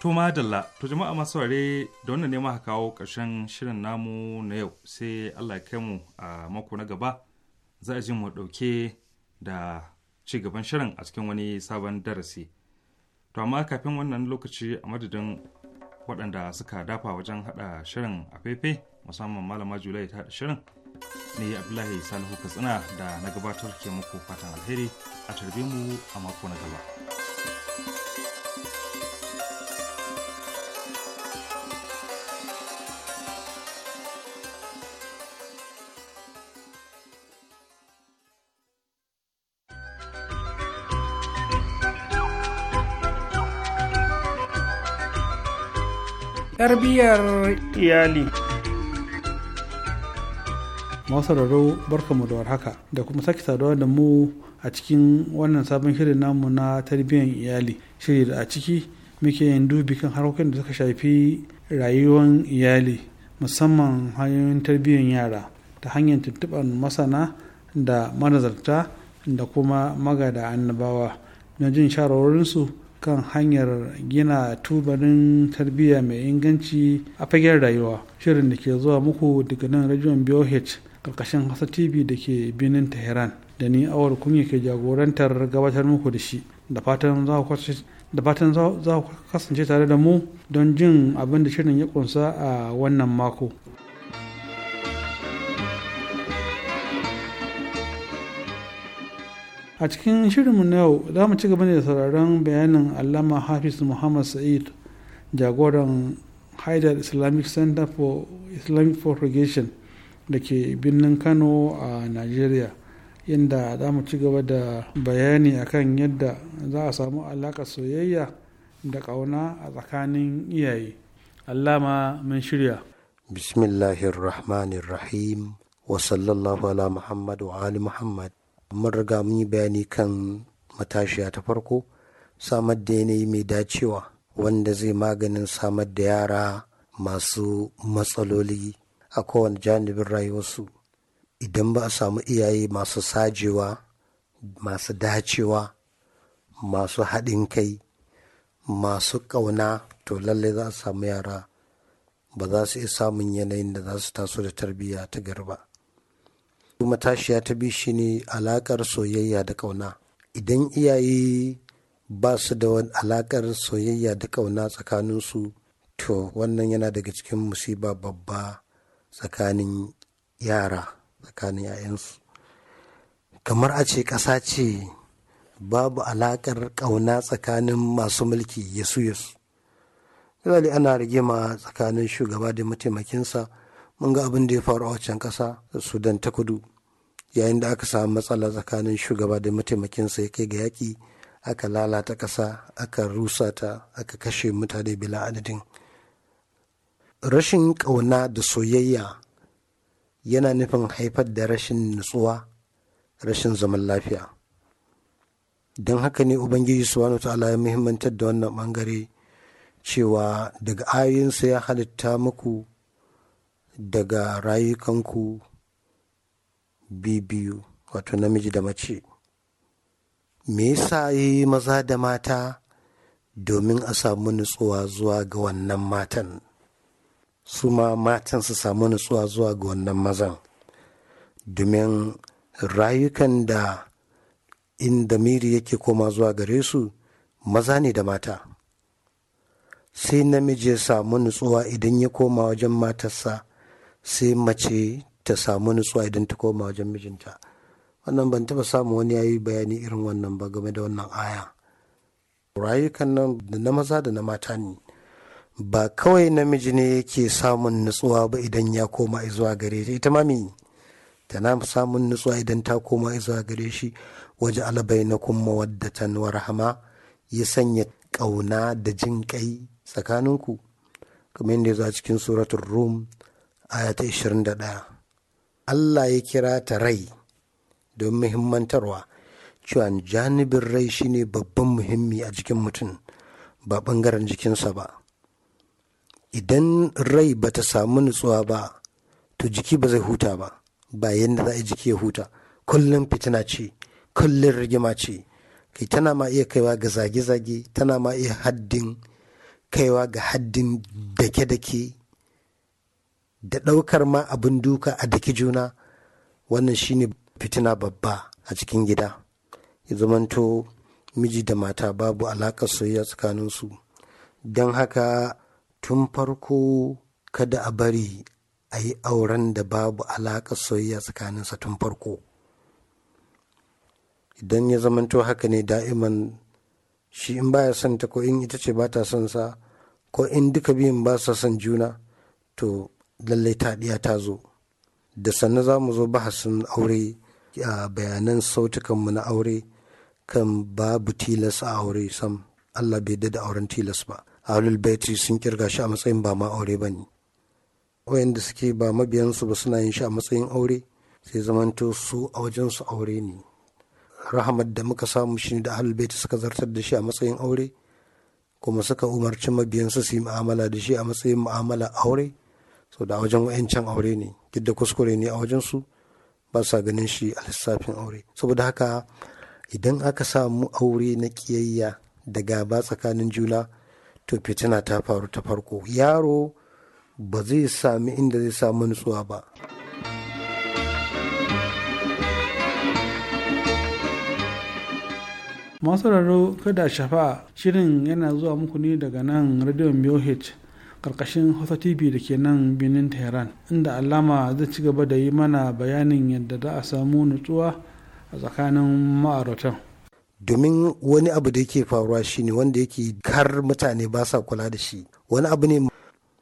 To madalla, to jama'a masu ware da wannan ne kawo ƙarshen shirin namu na yau sai Allah ya kai mu a mako na gaba za a ji mu ɗauke da ci gaban shirin a cikin wani sabon darasi. To amma kafin wannan lokaci a madadin waɗanda suka dafa wajen haɗa shirin a faifai musamman malama julai ta haɗa shirin ne abdullahi salihu katsina da na gabatar ke muku fatan alheri a tarbe mu a mako na gaba. tarbiyyar iyali masararo barkamu da warhaka da kuma sake saduwa da mu a cikin wannan sabon shirin namu na tarbiyyar iyali shiri da a ciki muke yin dubi kan harkokin da suka shafi rayuwar iyali musamman hanyoyin tarbiyyar yara ta hanyar tuntuɓar masana da manazarta da kuma magada annabawa na jin shawarwarinsu kan hanyar gina tubarin tarbiyya mai inganci a fagen rayuwa shirin da ke zuwa muku daga nan rajon BOH karkashin hasa tv da ke binin tehran da ni awar kunya ke jagorantar gabatar muku da shi da fatan za ku kasance tare da mu don jin abin da shirin ya kunsa a wannan mako a cikin shirinmu na yau za mu ci gaba ne da sauraron bayanin allama hafiz muhammad sa'id jagoran haidar islamic center for islamic propagation da ke birnin kano a nigeria inda za mu ci gaba da bayani akan yadda za a samu alaƙa soyayya da ƙauna a tsakanin iyaye allama mun shirya bismillahirrahmanirrahim wa sallallahu ala muhammad wa ali muhammad mun riga mun yi bayani kan matashiya ta farko samar da yanayi mai dacewa wanda zai maganin samar da yara masu matsaloli a kowane janibin rayuwarsu idan ba a samu iyaye masu sajewa masu dacewa masu haɗin kai masu ƙauna to lallai za a samu yara ba za su iya samun yanayin da za su taso da tarbiyya ta garba matashiya ta bi shi ne alakar soyayya da ƙauna idan iyaye ba su da alakar soyayya da ƙauna tsakaninsu to wannan yana daga cikin musiba babba tsakanin yara tsakanin 'ya'yansu kamar a ce ƙasa ce babu alakar ƙauna tsakanin masu mulki yasu yasu misali ana rigima tsakanin shugaba da mataimakinsa mun ga abin da ya faru a waccan ƙasa sudan ta kudu yayin da aka samu matsala tsakanin shugaba da mataimakinsa ya kai ga yaƙi aka lalata ƙasa aka rusa ta aka kashe mutane bila adadin rashin ƙauna da soyayya yana nufin haifar da rashin nutsuwa rashin zaman lafiya don haka ne ubangiji subhanahu ta'ala ya muhimmantar da wannan bangare cewa daga ayoyinsa ya halitta muku daga rayukanku bibiyu wato namiji da mace me yasa yi maza da mata domin a samu nutsuwa zuwa ga wannan matan su ma matan su samu nutsuwa zuwa ga wannan mazan domin rayukan da inda miri yake koma zuwa gare su maza ne da mata sai namiji ya samu nutsuwa idan ya koma wajen matarsa sai mace ta samu nutsuwa idan ta koma wajen mijinta wannan ban taba samu wani yayi bayani irin wannan ba game da wannan aya rayukan nan da na maza da na mata ne ba kawai namiji ne yake samun nutsuwa ba idan ya koma zuwa gare ta ita mami tana samun nutsuwa idan ta koma zuwa gare shi waje alabai na kuma waddatan warhama ya sanya ƙauna da jin ƙai tsakaninku kamar yadda ya zo a cikin suratun rum ayata ta 21 Allah ya kira ta rai don muhimmantarwa cewa janibin rai shine babban muhimmi a jikin mutum ba ɓangaren jikinsa ba idan rai ba ta samu nutsuwa ba to jiki ba zai huta ba ba yadda za a jiki ya huta kullum fitina ce kullum rigima ce kai tana ma iya kaiwa ga zage-zage tana ma iya haddin kaiwa ga haddin dake-dake da ɗaukar ma abin duka a daki juna wannan shine fitina babba a cikin gida ya zamanto miji da mata babu alaƙar soyayya tsakaninsu don haka tun farko kada a bari a yi auren da babu alaƙar soyayya tsakaninsa tun farko idan ya zamanto haka ne da'iman shi in baya son ta ko in ita ce ba ta son sa ko in duka biyun ba sa son juna to lallai ta ɗiya ta zo da sannan za mu zo bahasin aure a bayanan sautukanmu na aure kan babu tilas a aure sam Allah bai dada auren tilas ba ahlul baiti sun kirga shi a matsayin ba ma aure ba ne wayanda suke ba mabiyansu ba suna yin shi a matsayin aure sai zamanto su a wajensu aure ne rahamar da muka samu shi da ahlul baiti suka zartar da shi a matsayin aure kuma suka umarci mabiyansu su yi mu'amala da shi a matsayin mu'amala aure so da wajen wa'yancan aure ne duk kuskure ne a wajen su ba sa ganin shi a lissafin aure saboda haka idan aka samu aure na kiyayya da gaba tsakanin juna to fitina ta faru ta farko yaro ba zai sami inda zai samu nutsuwa ba masu raro kada shafa shirin yana zuwa muku ne daga nan radio BOH karkashin hausa tv da ke nan birnin tehran inda alama zai ci gaba da yi mana bayanin yadda za a samu nutsuwa a tsakanin ma'auratan domin wani abu da yake faruwa shine wanda yake kar mutane ba sa kula da shi wani abu ne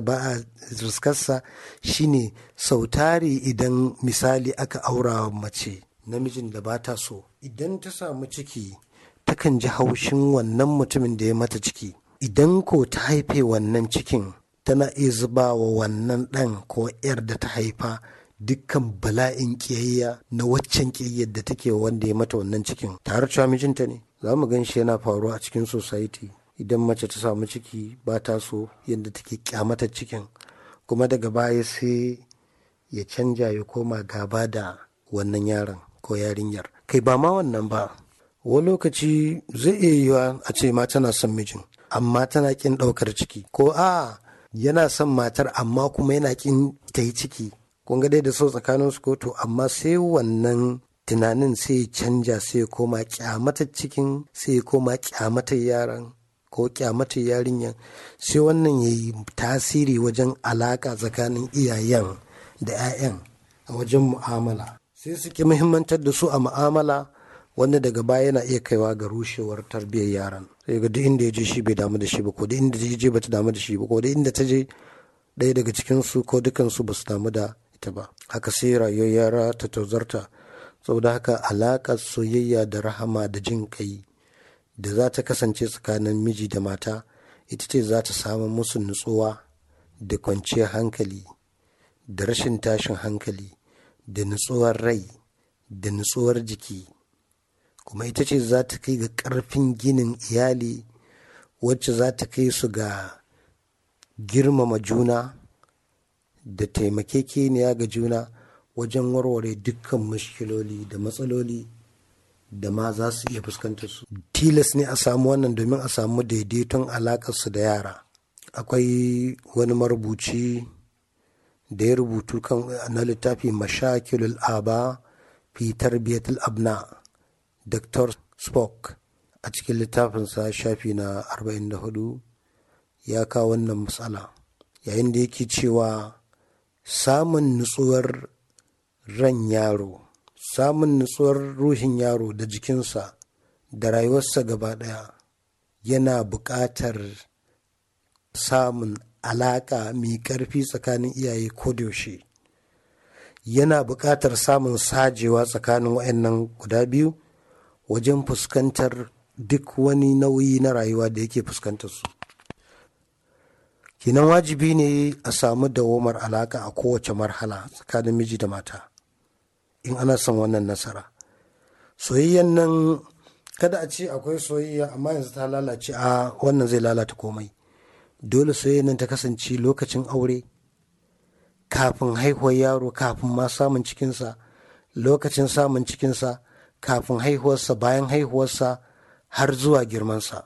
ba a riskarsa shine sautari idan misali aka aura mace namijin da ba ta so idan ta samu ciki takan ji haushin wannan mutumin da ya mata ciki idan ko ta haife wannan cikin tana iya zuba wa wannan ɗan ko 'yar da ta haifa dukkan bala'in ƙiyayya na waccan ƙiyayyar da take wanda ya mata wannan cikin tare cewa mijinta ne za mu gan shi yana faruwa a cikin society idan mace ta samu ciki ba ta so yadda take kyamata cikin kuma daga baya sai ya canja ya koma gaba da wannan yaron ko yarinyar kai ba ma wannan ba wani lokaci zai iya yiwa a ce ma tana son mijin amma tana ƙin ɗaukar ciki ko A'a. yana son matar amma kuma yana kin ta yi ciki kun ga dai da so tsakanin su kotu amma sai wannan tunanin sai canja sai koma kyamata cikin sai koma kyamata yaran ko kyamata yarinyar sai wannan ya yi tasiri wajen alaka tsakanin iyayen da 'ya'yan a wajen mu'amala sai su ki muhimmantar da su a mu'amala wanda daga baya yana iya kaiwa ga rushewar tarbiyyar yaran sai ga duk inda ya je shi bai damu da shi ba ko duk inda ya je bata damu da shi ba ko duk inda ta je ɗaya daga cikin su ko dukan su basu damu da ita ba haka sai rayuwar yara ta tauzarta saboda haka alaƙar soyayya da rahama da jin kai da za ta kasance tsakanin miji da mata ita ce za ta samu musu nutsuwa da kwanciyar hankali da rashin tashin hankali da nutsuwar rai da nutsuwar jiki kuma ita ce za ta kai ga ƙarfin ginin iyali wacce za ta kai su ga girmama juna da taimake taimakekeniya ga juna wajen warware dukkan mashkiloli da matsaloli da ma za su iya fuskantar su tilas ne a samu wannan domin a samu daidaiton alakarsu da yara akwai wani marubuci da ya rubutu kan na littafi mashakilul aba fi tarbiyatul abna Dr. Spock a cikin littafinsa shafi na 44 ya kawo wannan matsala yayin da yake cewa samun nutsuwar ran yaro samun nutsuwar ruhin yaro da jikinsa da rayuwarsa gaba ɗaya yana buƙatar samun alaƙa mai ƙarfi tsakanin iyaye ko yaushe yana buƙatar samun sajewa tsakanin waɗannan guda biyu wajen fuskantar duk wani nauyi na rayuwa da yake fuskantar su kinan wajibi ne a samu dawamar alaka a kowace marhala tsakanin miji da mata in ana son wannan nasara soyayyan nan kada a ce akwai soyayya amma yanzu ta lalace a wannan zai lalata komai dole soyayyan nan ta kasance lokacin aure kafin haihuwar yaro kafin ma samun cikinsa lokacin samun cikinsa kafin haihuwarsa bayan haihuwarsa har zuwa girmansa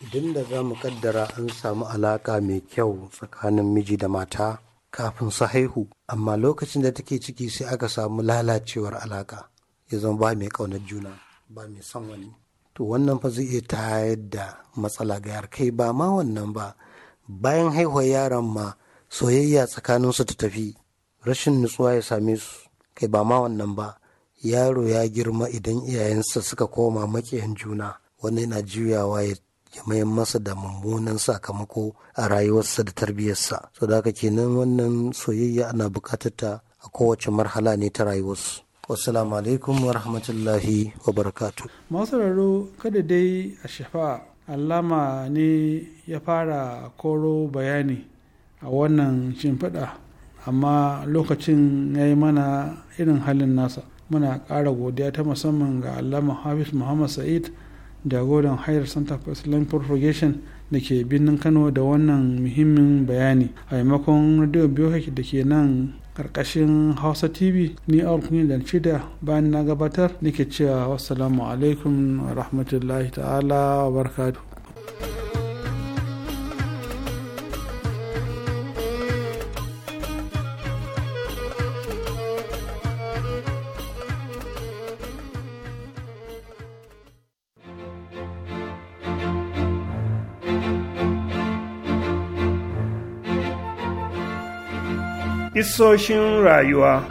idan da za mu kaddara an samu alaka mai kyau tsakanin miji da mata kafin su haihu amma lokacin da take ciki sai aka samu lalacewar alaka ya zama ba mai ƙaunar juna ba mai son wani to wannan fa zai iya tayar da matsala ga yar kai ba ma wannan ba bayan haihuwar yaron ma soyayya tsakaninsu ta tafi rashin nutsuwa ya same su kai ba ma wannan ba yaro ya girma idan iyayensa suka koma makiyan juna wani na juyawa ya mayan masa da mummunan sakamako a rayuwarsa da tarbiyyarsa so da haka kenan wannan soyayya ana bukatar ta a kowace marhala ne ta rayuwarsu wasalamu alaikum wa rahmatullahi wa barakatu masu kada dai a shafa alama ne ya fara koro bayani a wannan shimfiɗa amma lokacin ya yi mana irin halin nasa muna ƙara godiya ta musamman ga allama hafiz muhammad sa'id jagoran hayar center for islamic propagation da ke birnin kano da wannan muhimmin bayani a maimakon radio biyohaki da ke nan karkashin hausa tv ni a kunyar da shida bayan na gabatar nake cewa wasu alaikum rahmatullahi ta'ala wa barkatu. Isoshin rayuwa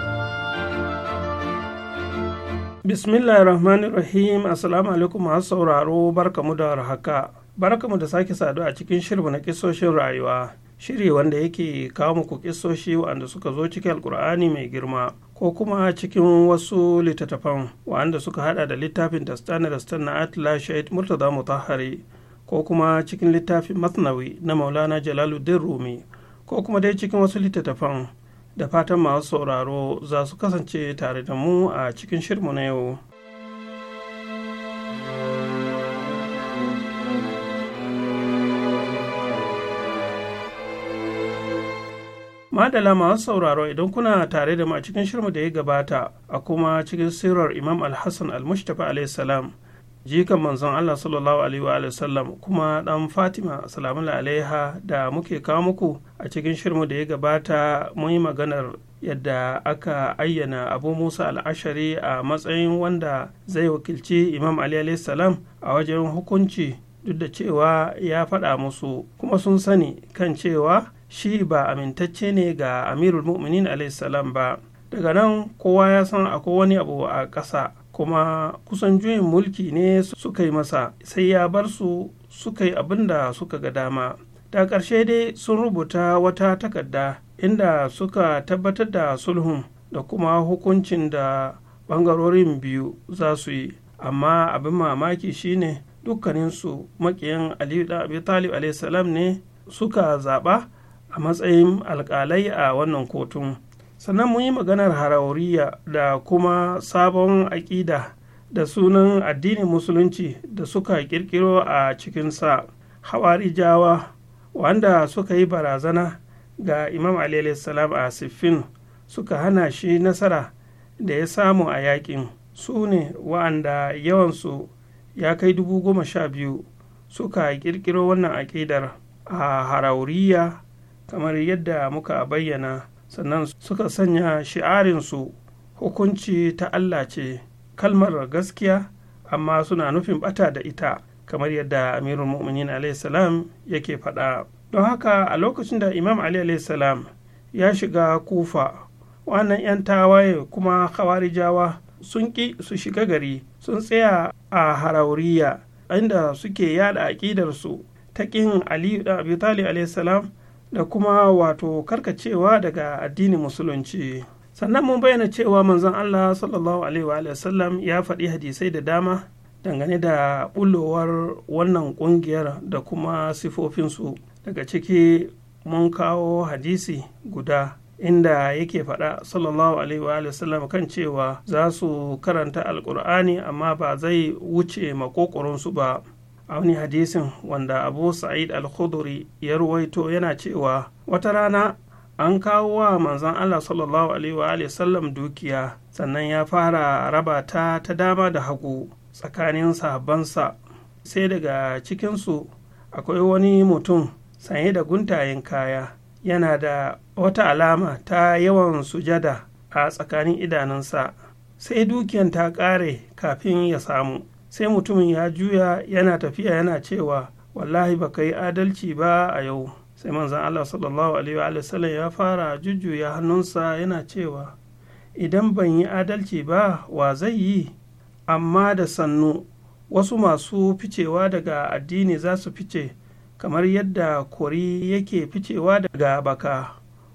rahim Assalamu alaikum masu sauraro barkamu da Barka mu da sake sadu a cikin shirinmu na kisoshin rayuwa. Shiri wanda yake kawo muku kisoshi waɗanda suka zo cikin alkur'ani mai girma ko kuma cikin wasu littattafan waɗanda suka hada da littafin dastani da na atla murtaza mutahari ko kuma cikin littafin masnawi na maulana Jalalu, jalaluddin rumi ko kuma dai cikin wasu littattafan da fatan masu sauraro za su kasance tare da mu a cikin shirmu na yau. Madala masu sauraro idan kuna tare da mu a cikin shirmu da ya gabata a kuma cikin sirar Imam Alhassan Al-Mustapha salam jikan manzon Allah sallallahu alaihi wa sallam kuma dan Fatima salamu alaiha da muke kawo muku a cikin shirmu da ya gabata mun yi maganar yadda aka ayyana Abu Musa al-Ashari a matsayin wanda zai wakilci Imam Ali alaihi salam a wajen hukunci duk da cewa ya faɗa musu kuma sun sani kan cewa shi ba amintacce ne ga Amirul Mu'minin alaihi salam ba daga nan kowa ya san akwai wani abu a ƙasa kuma kusan juyin mulki ne suka yi masa sai ya bar su suka yi abin da suka ga dama da ƙarshe dai sun rubuta wata takarda inda suka tabbatar da sulhun da kuma hukuncin da ɓangarorin biyu za su yi amma abin mamaki shine dukkaninsu maƙiyan aliyu da abu talib ne suka zaɓa a matsayin alƙalai a wannan kotun sannan mun yi maganar harauriya da kuma sabon aƙida da sunan addinin musulunci da suka ƙirƙiro a cikinsa hawarijawa wanda suka yi barazana ga imam salam a siffin suka hana shi nasara da ya samu a yaƙin. su ne wa'anda yawansu ya kai dubu goma sha biyu suka ƙirƙiro wannan aƙidar a harauriya kamar yadda muka bayyana sannan suka sanya shi'arinsu hukunci ta Allah ce kalmar gaskiya amma suna nufin bata da ita kamar yadda amirul mu'minin salam yake faɗa don haka a lokacin da imam ali salam ya shiga kufa wannan 'yan tawaye kuma khawarijawa sun ƙi su shiga gari sun tsaya a harauriya inda suke yada aƙidarsu ta ƙin Ali da abu talib salam da kuma wato karkacewa daga addinin musulunci sannan mun bayyana cewa manzon allah sallallahu alaihi wa sallam ya faɗi hadisai da dama dangane da bulowar wannan ƙungiyar da kuma sifofinsu daga ciki mun kawo hadisi guda inda yake faɗa sallallahu alaihi wa sallam kan cewa za su karanta Alƙur'ani, amma ba zai wuce makokoronsu ba a wani hadisin wanda abu sa'id al-khuduri ya ruwaito yana cewa wata rana an kawo wa manzan allah sallallahu alaihi sallam dukiya sannan ya fara raba ta ta dama da hagu tsakanin sahabbansa sai daga cikinsu akwai wani mutum sanye da guntayen kaya yana da wata alama ta yawan sujada a tsakanin idanunsa sai dukiyan ta ƙare kafin ya samu sai mutumin ya juya yana tafiya yana cewa wallahi ba ka yi adalci ba a yau sai manzan allah sallallahu alaihi wa sallam ya fara jujjuya hannunsa yana cewa idan ban yi adalci ba wa zai yi amma da sannu wasu masu ficewa daga addini za su fice kamar yadda kori yake ficewa daga baka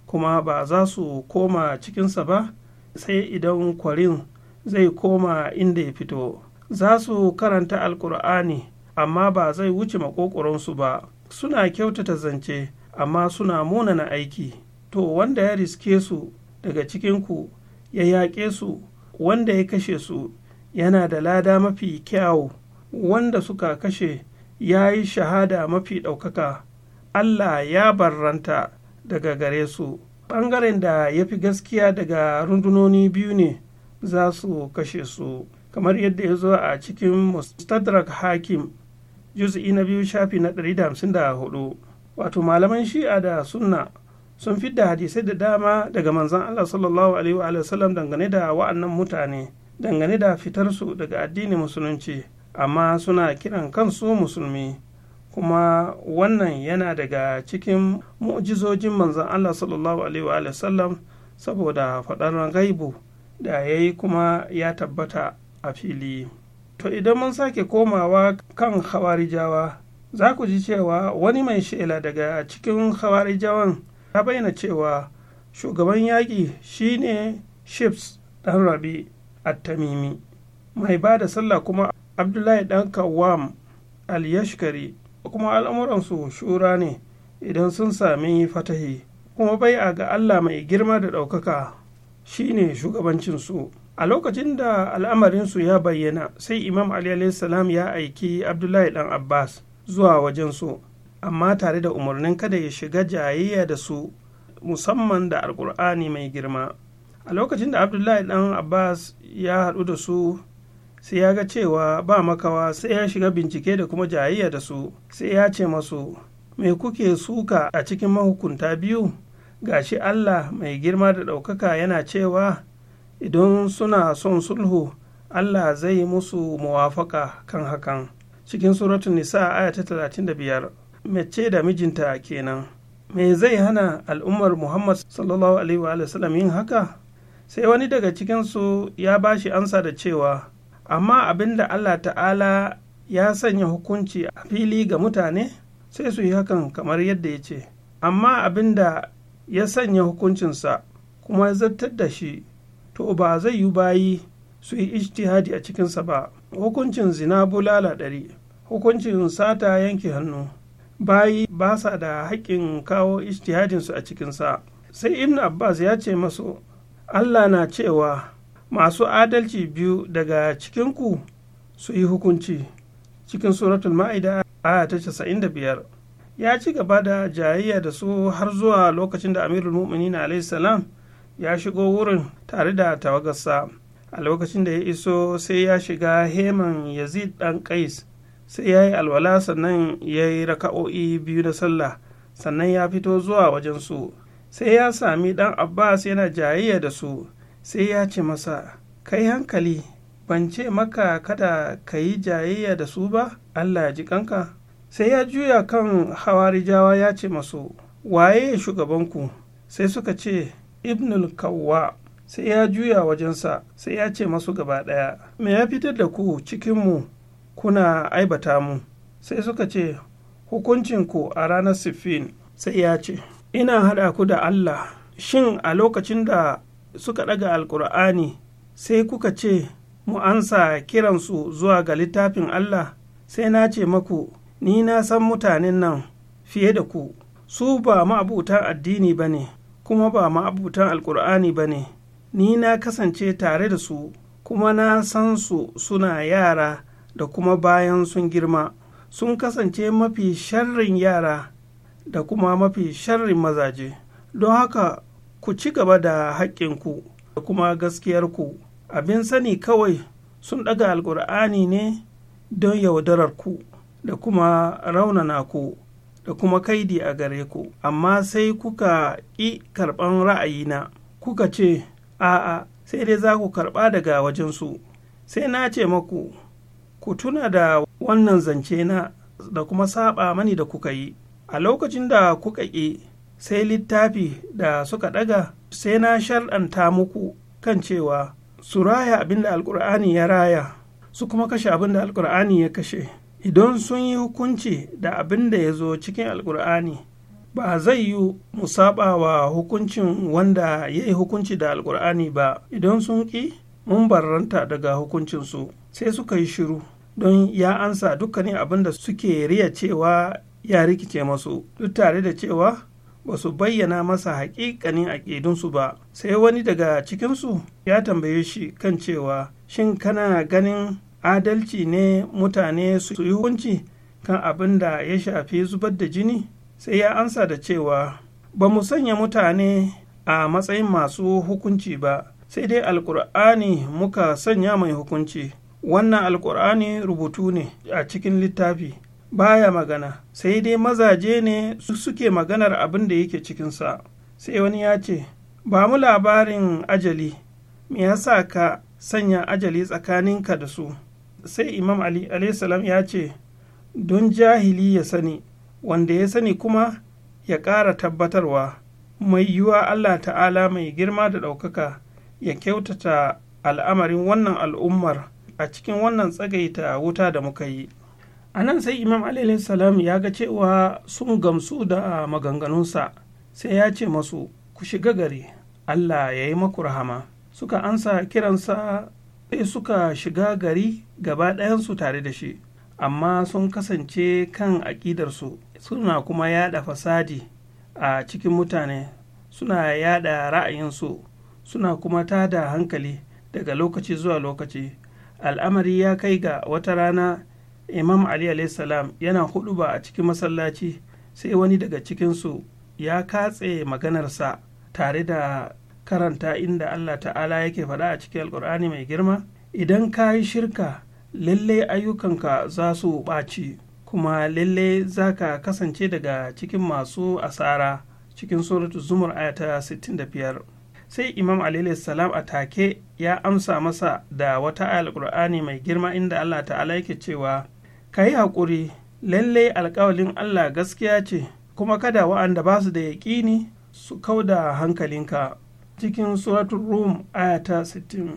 kuma ba za su koma cikinsa ba sai idan kwarin zai koma inda ya fito za su karanta alkur'ani amma ba zai wuce makokoronsu ba suna kyautata zance amma suna munana aiki to wanda ya riske su daga cikinku ya yaƙe su wanda ya kashe su yana da lada mafi kyawu wanda suka kashe ya yi shahada mafi ɗaukaka allah ya barranta daga gare su ɓangaren da ya fi gaskiya daga rundunoni biyu ne za su kashe su kamar yadda ya zo a cikin mustadrak hakim juz'i na biyu shafi na 154 wato malaman shi'a da sunna sun fidda hadisai da dama daga manzan Allah sallallahu alaihi wa sallam dangane da wa'annan mutane dangane da fitarsu daga addinin musulunci amma suna kiran kansu musulmi kuma wannan yana daga cikin mu'jizojin manzan Allah sallallahu alaihi wa sallam saboda faɗar gaibu da ya yi kuma ya tabbata a fili to idan mun sake komawa kan hawarijawa za ku ji cewa wani mai shela daga cikin hawarijawan ta bayyana cewa shugaban yaƙi shine ships ɗan rabi a tamimi mai ba da sallah kuma abdullahi ɗan kawam al-yashkari kuma al'amuransu shura ne idan sun sami fatahi kuma bai a ga allah mai girma da ɗaukaka shine shugabancinsu a lokacin da al'amarinsu ya bayyana sai imam ali salam ya aiki abdullahi dan abbas zuwa wajen wajensu amma tare da umarnin kada ya shiga jayayya da su musamman da alkur'ani mai girma a lokacin da abdullahi dan abbas ya haɗu da su sai ya ga cewa ba makawa sai ya shiga bincike da kuma jayayya da su sai ya ce masu mai kuke suka a cikin mahukunta biyu gashi allah mai girma da ɗaukaka yana cewa idan suna son sulhu allah zai musu muwafaka kan hakan cikin suratun nisa aya ta biyar. mace da mijinta kenan me zai hana al'ummar muhammad sallallahu alaihi wa sallam yin haka sai wani daga cikinsu ya ba shi ansa da cewa amma abinda allah ta'ala ya sanya hukunci a fili ga mutane sai su yi hakan kamar yadda ya ce amma abin da ya sanya hukuncinsa kuma ya zartar da shi to ba zai yi bayi su yi ijtihadi a cikinsa ba hukuncin zina bulala ɗari hukuncin sata yanke hannu bayi ba sa da hakkin kawo su a cikinsa sai ibn abbas ya ce masu allah na cewa masu adalci biyu daga cikinku su yi hukunci cikin suratul ma'ida aya ta casa'in da biyar. ya ci gaba da jayayya da su har zuwa lokacin da amirul mu'minin alaihi salam ya shigo wurin tare da tawagarsa a lokacin da ya iso sai ya shiga heman yazid ɗan kais sai ya yi alwala sannan ya yi raka'o'i biyu na sallah sannan ya fito zuwa wajensu sai ya sami ɗan abbas yana jayayya da su sai ya ce masa kai hankali ban ce maka kada ka yi jayayya da su ba allah ya ji kanka sai ya juya kan hawarijawa ya ce masu waye shugabanku sai suka ce ibnul kawwa sai ya juya wajensa sai ya ce masu gaba ɗaya me ya fitar da ku cikinmu kuna aibata mu sai suka ce hukuncinku a ranar siffin sai ya ce ina haɗa ku da allah shin a lokacin da suka ɗaga alkur'ani sai kuka ce mu ansa kiransu zuwa ga littafin allah sai na ce maku ni na san mutanen nan fiye da ku su ba ma'abutan addini ba ne kuma ba ma'abutan alkur'ani ba ne ni na kasance tare da su kuma na san su suna yara da kuma bayan sun girma sun kasance mafi sharrin yara da kuma mafi sharrin mazaje don haka ku ci gaba da haƙƙinku da kuma gaskiyarku abin sani kawai sun ɗaga alkur'ani ne don yaudararku da kuma raunana ku da kuma kaidi a gare ku amma sai kuka ƙi karɓan ra'ayina kuka ce a'a sai dai za ku karɓa daga wajensu sai na ce maku ku tuna da wannan zance na da kuma saɓa mani da kuka yi a lokacin da kuka ƙi sai littafi da suka ɗaga sai na sharɗanta muku kan cewa su raya abin da Alƙur'ani ya raya su kuma kashe abin da Alƙur'ani ya kashe idan sun yi hukunci da abin da ya zo cikin alkur'ani ba zai yi musaba wa hukuncin wanda ya yi hukunci da alkur'ani ba idan sun ƙi mun barranta daga hukuncinsu sai suka yi shiru don ya ansa dukkanin abin da suke riya cewa ya rikice masu duk tare da cewa ba su bayyana masa haƙiƙanin aƙidunsu ba sai wani daga cikinsu ya tambaye shi kan cewa shin kana ganin adalci ne mutane su yi hukunci kan abin da ya shafi zubar da jini sai ya ansa da cewa ba mu sanya mutane a matsayin masu hukunci ba sai dai alkur'ani muka sanya mai hukunci wannan alkur'ani rubutu ne a cikin littafi baya magana sai dai mazaje ne su suke maganar abin da yake cikinsa sai wani ya ce ba mu labarin ajali me yasa ka sanya ajali tsakaninka da su sai imam ali salam ya ce don jahili ya sani wanda ya sani kuma ya ƙara tabbatarwa mai yiwuwa allah ta'ala mai girma da ɗaukaka ya kyautata al'amarin wannan al'ummar a cikin wannan tsagaita wuta da muka yi a nan sai imam salam ya ga cewa sun gamsu da maganganunsa sai ya ce masu ku shiga gari allah ya yi maku rahama suka ansa kiransa sai suka shiga gari gaba ɗayansu tare da shi amma sun kasance kan aƙidarsu suna kuma yada fasadi a cikin mutane suna yada ra'ayinsu suna kuma tada hankali daga lokaci zuwa lokaci al'amari ya kai ga wata rana imam ali salam yana huduba a cikin masallaci sai wani daga cikinsu ya katse maganarsa tare da karanta inda Allah ta'ala yake faɗa a cikin Alƙur'ani mai girma idan ka yi shirka lallai ayyukanka za su ɓaci kuma lallai za ka kasance daga cikin masu asara cikin suratu zumar aya ta 65 sai imam alayhi salam a take ya amsa masa da wata Alƙur'ani mai girma inda Allah ta'ala yake cewa ka yi haƙuri lallai alƙawalin Allah gaskiya ce kuma kada wa'anda ba su da yaƙini su kauda hankalinka cikin suratun rum ayata ta 60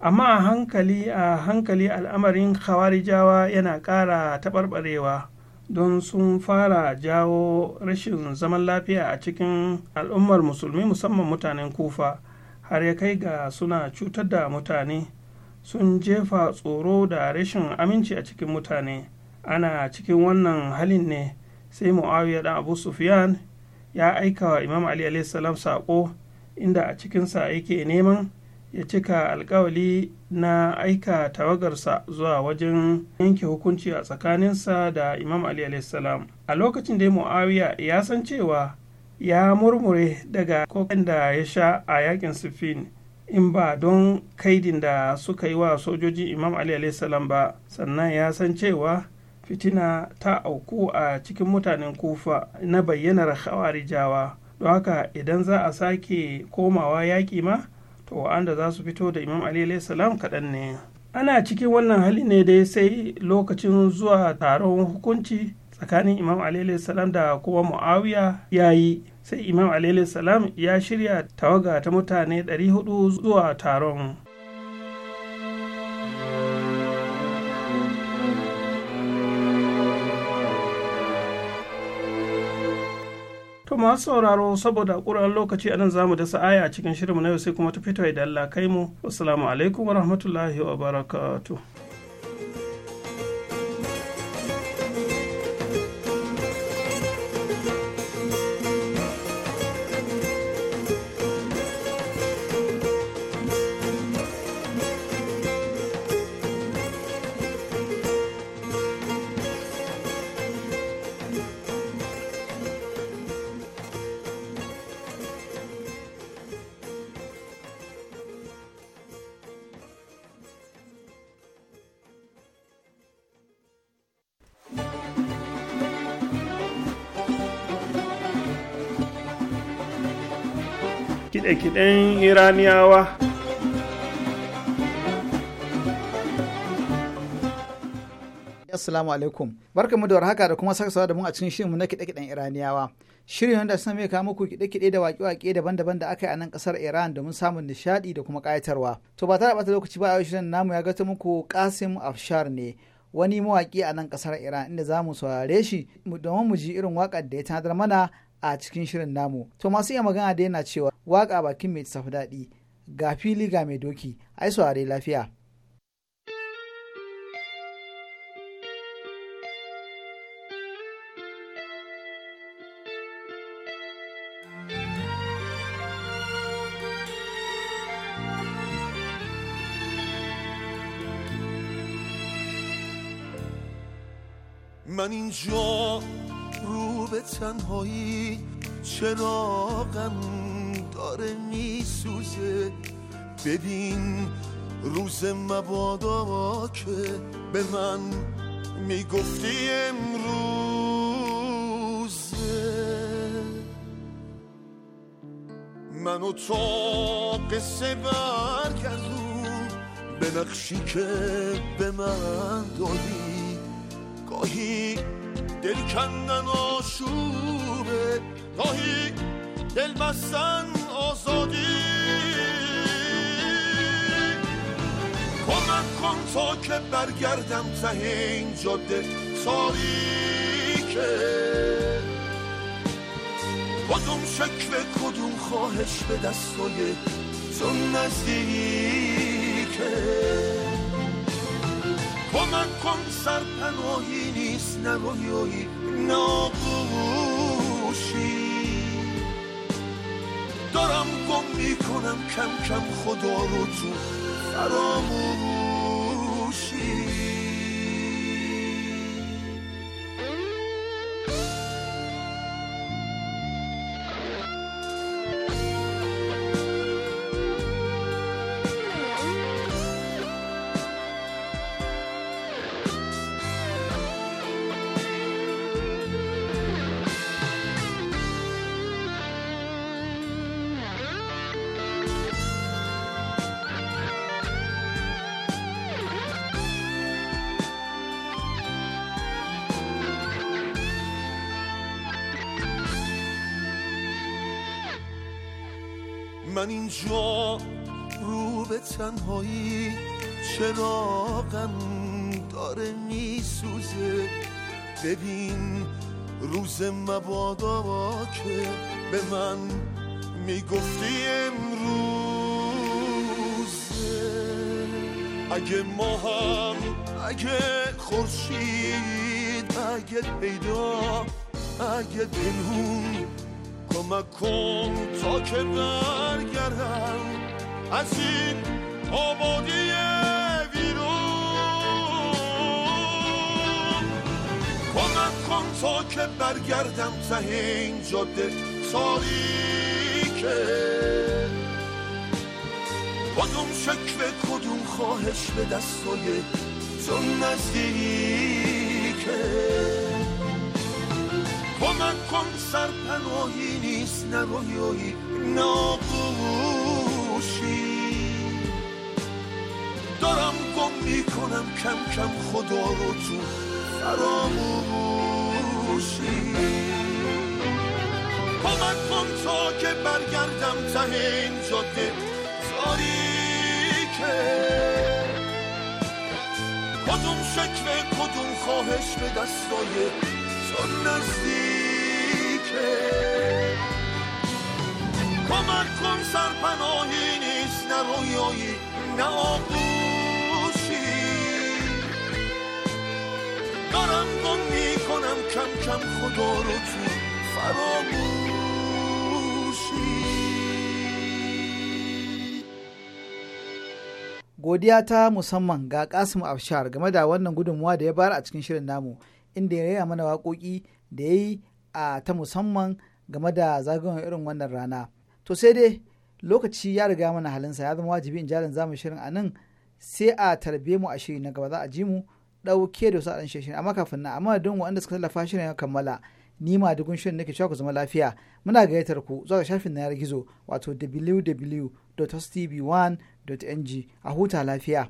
amma a hankali a hankali al'amarin khawarijawa yana ƙara taɓarɓarewa don sun fara jawo rashin zaman lafiya a cikin al'ummar musulmi musamman mutanen kufa har ya kai ga suna cutar da mutane sun jefa tsoro da rashin aminci a cikin mutane ana cikin wannan halin ne sai muawiya dan abu sufyan ya aika wa imam ali salam saƙo inda a cikinsa yake neman ya cika alkawali na aika tawagarsa zuwa wajen yanke hukunci a tsakaninsa da imam ali salam a lokacin da muawiya ya san cewa ya murmure daga kokain da ya sha a yakin sifin in ba don kaidin da suka yi wa sojojin imam ali salam ba sannan ya san cewa fitina ta auku a cikin mutanen kufa na bayyanar khawarijawa don haka idan za a sake komawa yaƙi ma to wa'anda za su fito da imam ali salam kaɗan ne ana cikin wannan hali ne dai sai lokacin zuwa taron hukunci tsakanin imam ali salam da kuma muawiya ya yi sai imam ali salam ya shirya tawaga ta mutane 400 zuwa taron masu sauraro saboda ƙuran lokaci a za zamu da sa'aya a cikin shirin na yau sai kuma ta fito idan Allah kai mu. Assalamu alaikum wa rahmatullahi wa barakatuh. kide-kiden iraniyawa assalamu alaikum barkamu da warhaka da kuma saka da mu a cikin shirinmu na kiɗe kiden iraniyawa shirin wanda suna mai kawo muku kiɗe-kiɗe da waƙe-waƙe daban-daban da aka yi a nan ƙasar iran domin samun nishaɗi da kuma ƙayatarwa to ba tare ɓata lokaci ba a shirin namu ya ta muku kasim afshar ne wani mawaƙi a nan ƙasar iran inda za mu saurare shi domin mu ji irin waƙar da ya tanadar mana a cikin shirin namu to masu iya magana da yana cewa waka bakin mai tafi daɗi ga fili ga mai doki ai saurare lafiya من اینجا به تنهایی چراغم داره میسوزه ببین روز مبادا که به من میگفتی امروز من و تو قصه برگردون به نقشی که به من دادی گاهی دل کندن آشوبه راهی دل بستن آزادی کمک کن تا که برگردم ته این جاده تاریکه کدوم شکل کدوم خواهش به دستای تو نزدیکه با من کن سرپناهی نیست نگویایی ناقوشی دارم گم میکنم کم کم خدا رو تو فراموش اینجا رو به تنهایی چراغم داره میسوزه ببین روز مبادا که به من میگفتی امروز اگه ما هم اگه خورشید اگه پیدا اگه دنون کمک کن تا که برگردم از این آبادی ویرون کمک کن تا که برگردم تا این جاده تاریکه کدوم شکل کدوم خواهش به دستای تو نزدیکه کمک کن سرپناهی نرویایی ناقوشی دارم گم میکنم کم کم خدا رو تو فراموشی کمک کن تا که برگردم ته این جاده تاریکه کدوم شکل کدوم خواهش به دستای تو نزدیک کن سر پناهی نیست نه رویایی نه آغوشی دارم گم می کنم کم کم خدا رو تو godiya ta musamman ga kasim afshar game da wannan gudunmuwa da ya bayar a cikin shirin namu inda ya rera mana waƙoƙi da ya yi a ta musamman game da zagayowar irin wannan rana to sai dai lokaci ya riga mana halinsa ya zama wajibi in jarin zamu shirin a nan sai a tarbe mu a shiri na gaba za a ji mu ɗauke da wasu ɗan shirin amma kafin na amma don waɗanda suka tallafa shirin ya kammala ni ma dugun shirin nake cewa ku zama lafiya muna gayyatar ku zuwa shafin na yanar gizo wato www.tv1.ng a huta lafiya.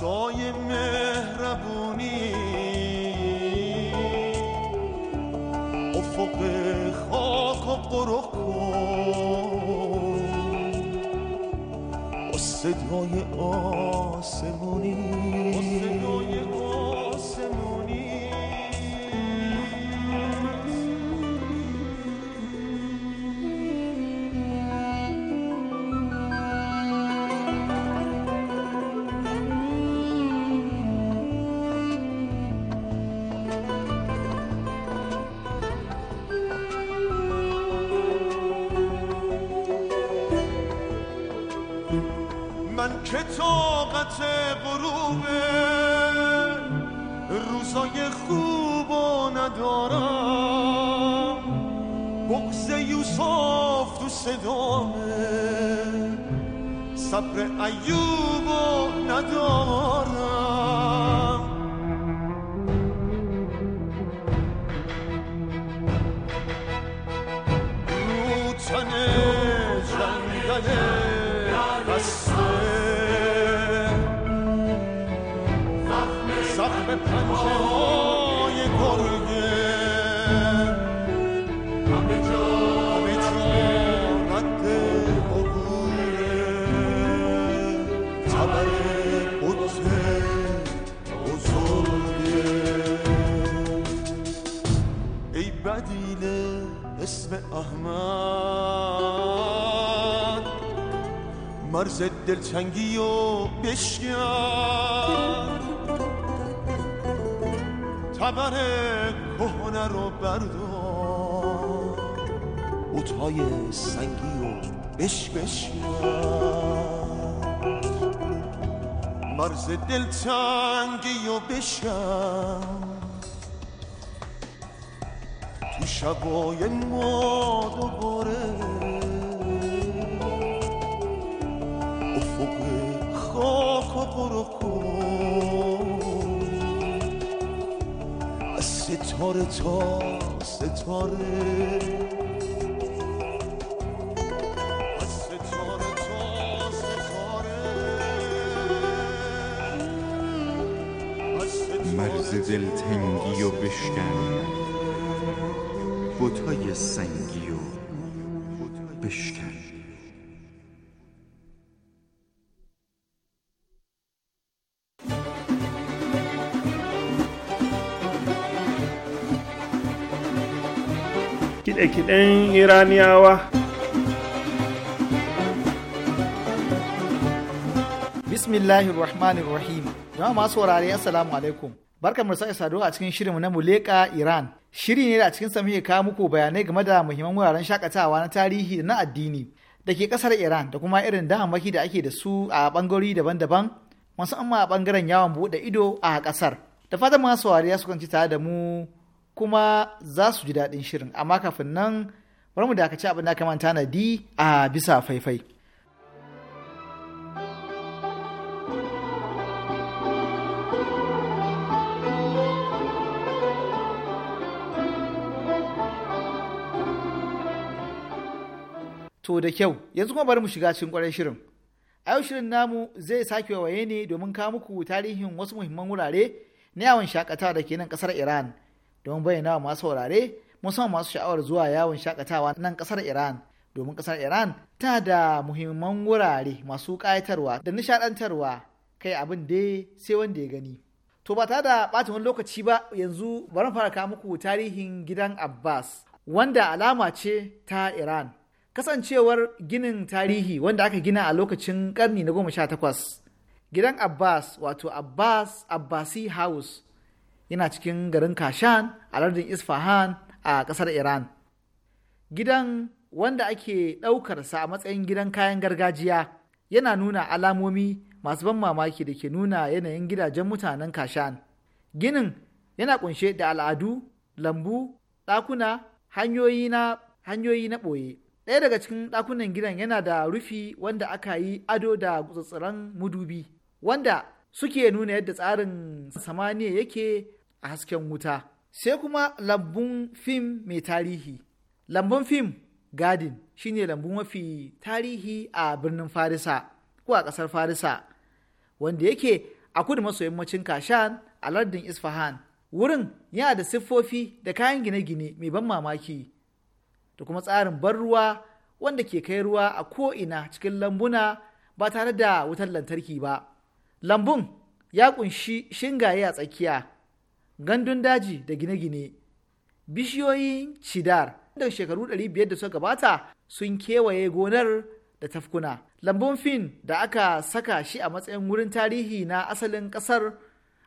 سایه مهربونی افق خاک و قرخ کن آسمونی طاقت غروبه روزای خوب و ندارم بغز یوسف تو صدامه صبر ایوب و ندارم ضد دلتنگی و بشکن تبر کهنه رو بردار اوتای سنگی و بشکن مرز دلتنگی و بشم تو شبای ما دوباره ستاره تا ستاره مرز دلتنگی و بشکن بوتای سنگی و Iraniyawa. Bismillahirrahmanirrahim. Jama'a masu wurare Assalamu alaikum. Barka mu sake saduwa a cikin shirinmu na Muleka Iran. Shiri ne da a cikin muke kawo muku bayanai game da muhimman wuraren shakatawa na tarihi da na addini da ke kasar Iran da kuma irin damammaki da ake da su a bangarori daban-daban musamman a bangaren yawon buɗe ido a kasar. Da fatan masu wariya su ci tare da mu kuma za su ji daɗin shirin amma kafin nan bari mu dakaci abin da aka manta na di a bisa faifai. To da kyau, yanzu kuma bari mu shiga cikin kwarai shirin. A yau shirin namu zai sake waye ne domin kawo muku tarihin wasu muhimman wurare na yawon shakatawa da ke nan kasar Iran, don bayyana wa masu saurare musamman masu sha'awar zuwa yawon shakatawa nan kasar Iran. Domin kasar Iran ta da muhimman wurare masu ƙayatarwa da nishaɗantarwa kai abin dai sai wanda ya gani. To ba ta da ɓata wani lokaci ba yanzu bari fara kawo muku tarihin gidan Abbas wanda alama ce ta Iran. Kasancewar ginin tarihi wanda aka gina a lokacin ƙarni na goma sha takwas. Gidan Abbas wato Abbas Abbasi House yana cikin garin Kashan a lardin Isfahan a ƙasar iran gidan wanda ake ɗaukarsa a matsayin gidan kayan gargajiya yana nuna alamomi masu ban mamaki da ke nuna yanayin gidajen mutanen kashan ginin yana kunshe da al'adu lambu ɗakuna hanyoyi na hanyoyi na ɓoye ɗaya daga cikin ɗakunan gidan yana da rufi wanda aka yi ado da tsatsiran mudubi wanda suke nuna yadda tsarin samaniya yake a hasken wuta sai kuma lambun fim mai tarihi lambun fim gadin shine lambun mafi tarihi a birnin farisa ko a ƙasar farisa wanda yake a kudu maso yammacin kashan a lardin isfahan wurin yana da siffofi da kayan gine-gine mai ban mamaki da kuma tsarin ban ruwa wanda ke kai ruwa a ko'ina cikin lambuna ba tare da wutar lantarki ba lambun ya kunshi shingaye a tsakiya gandun daji da gine-gine bishiyoyin cidar da shekaru 500 da suka gabata sun kewaye gonar da tafkuna lambun fin da aka saka shi a matsayin wurin tarihi na asalin kasar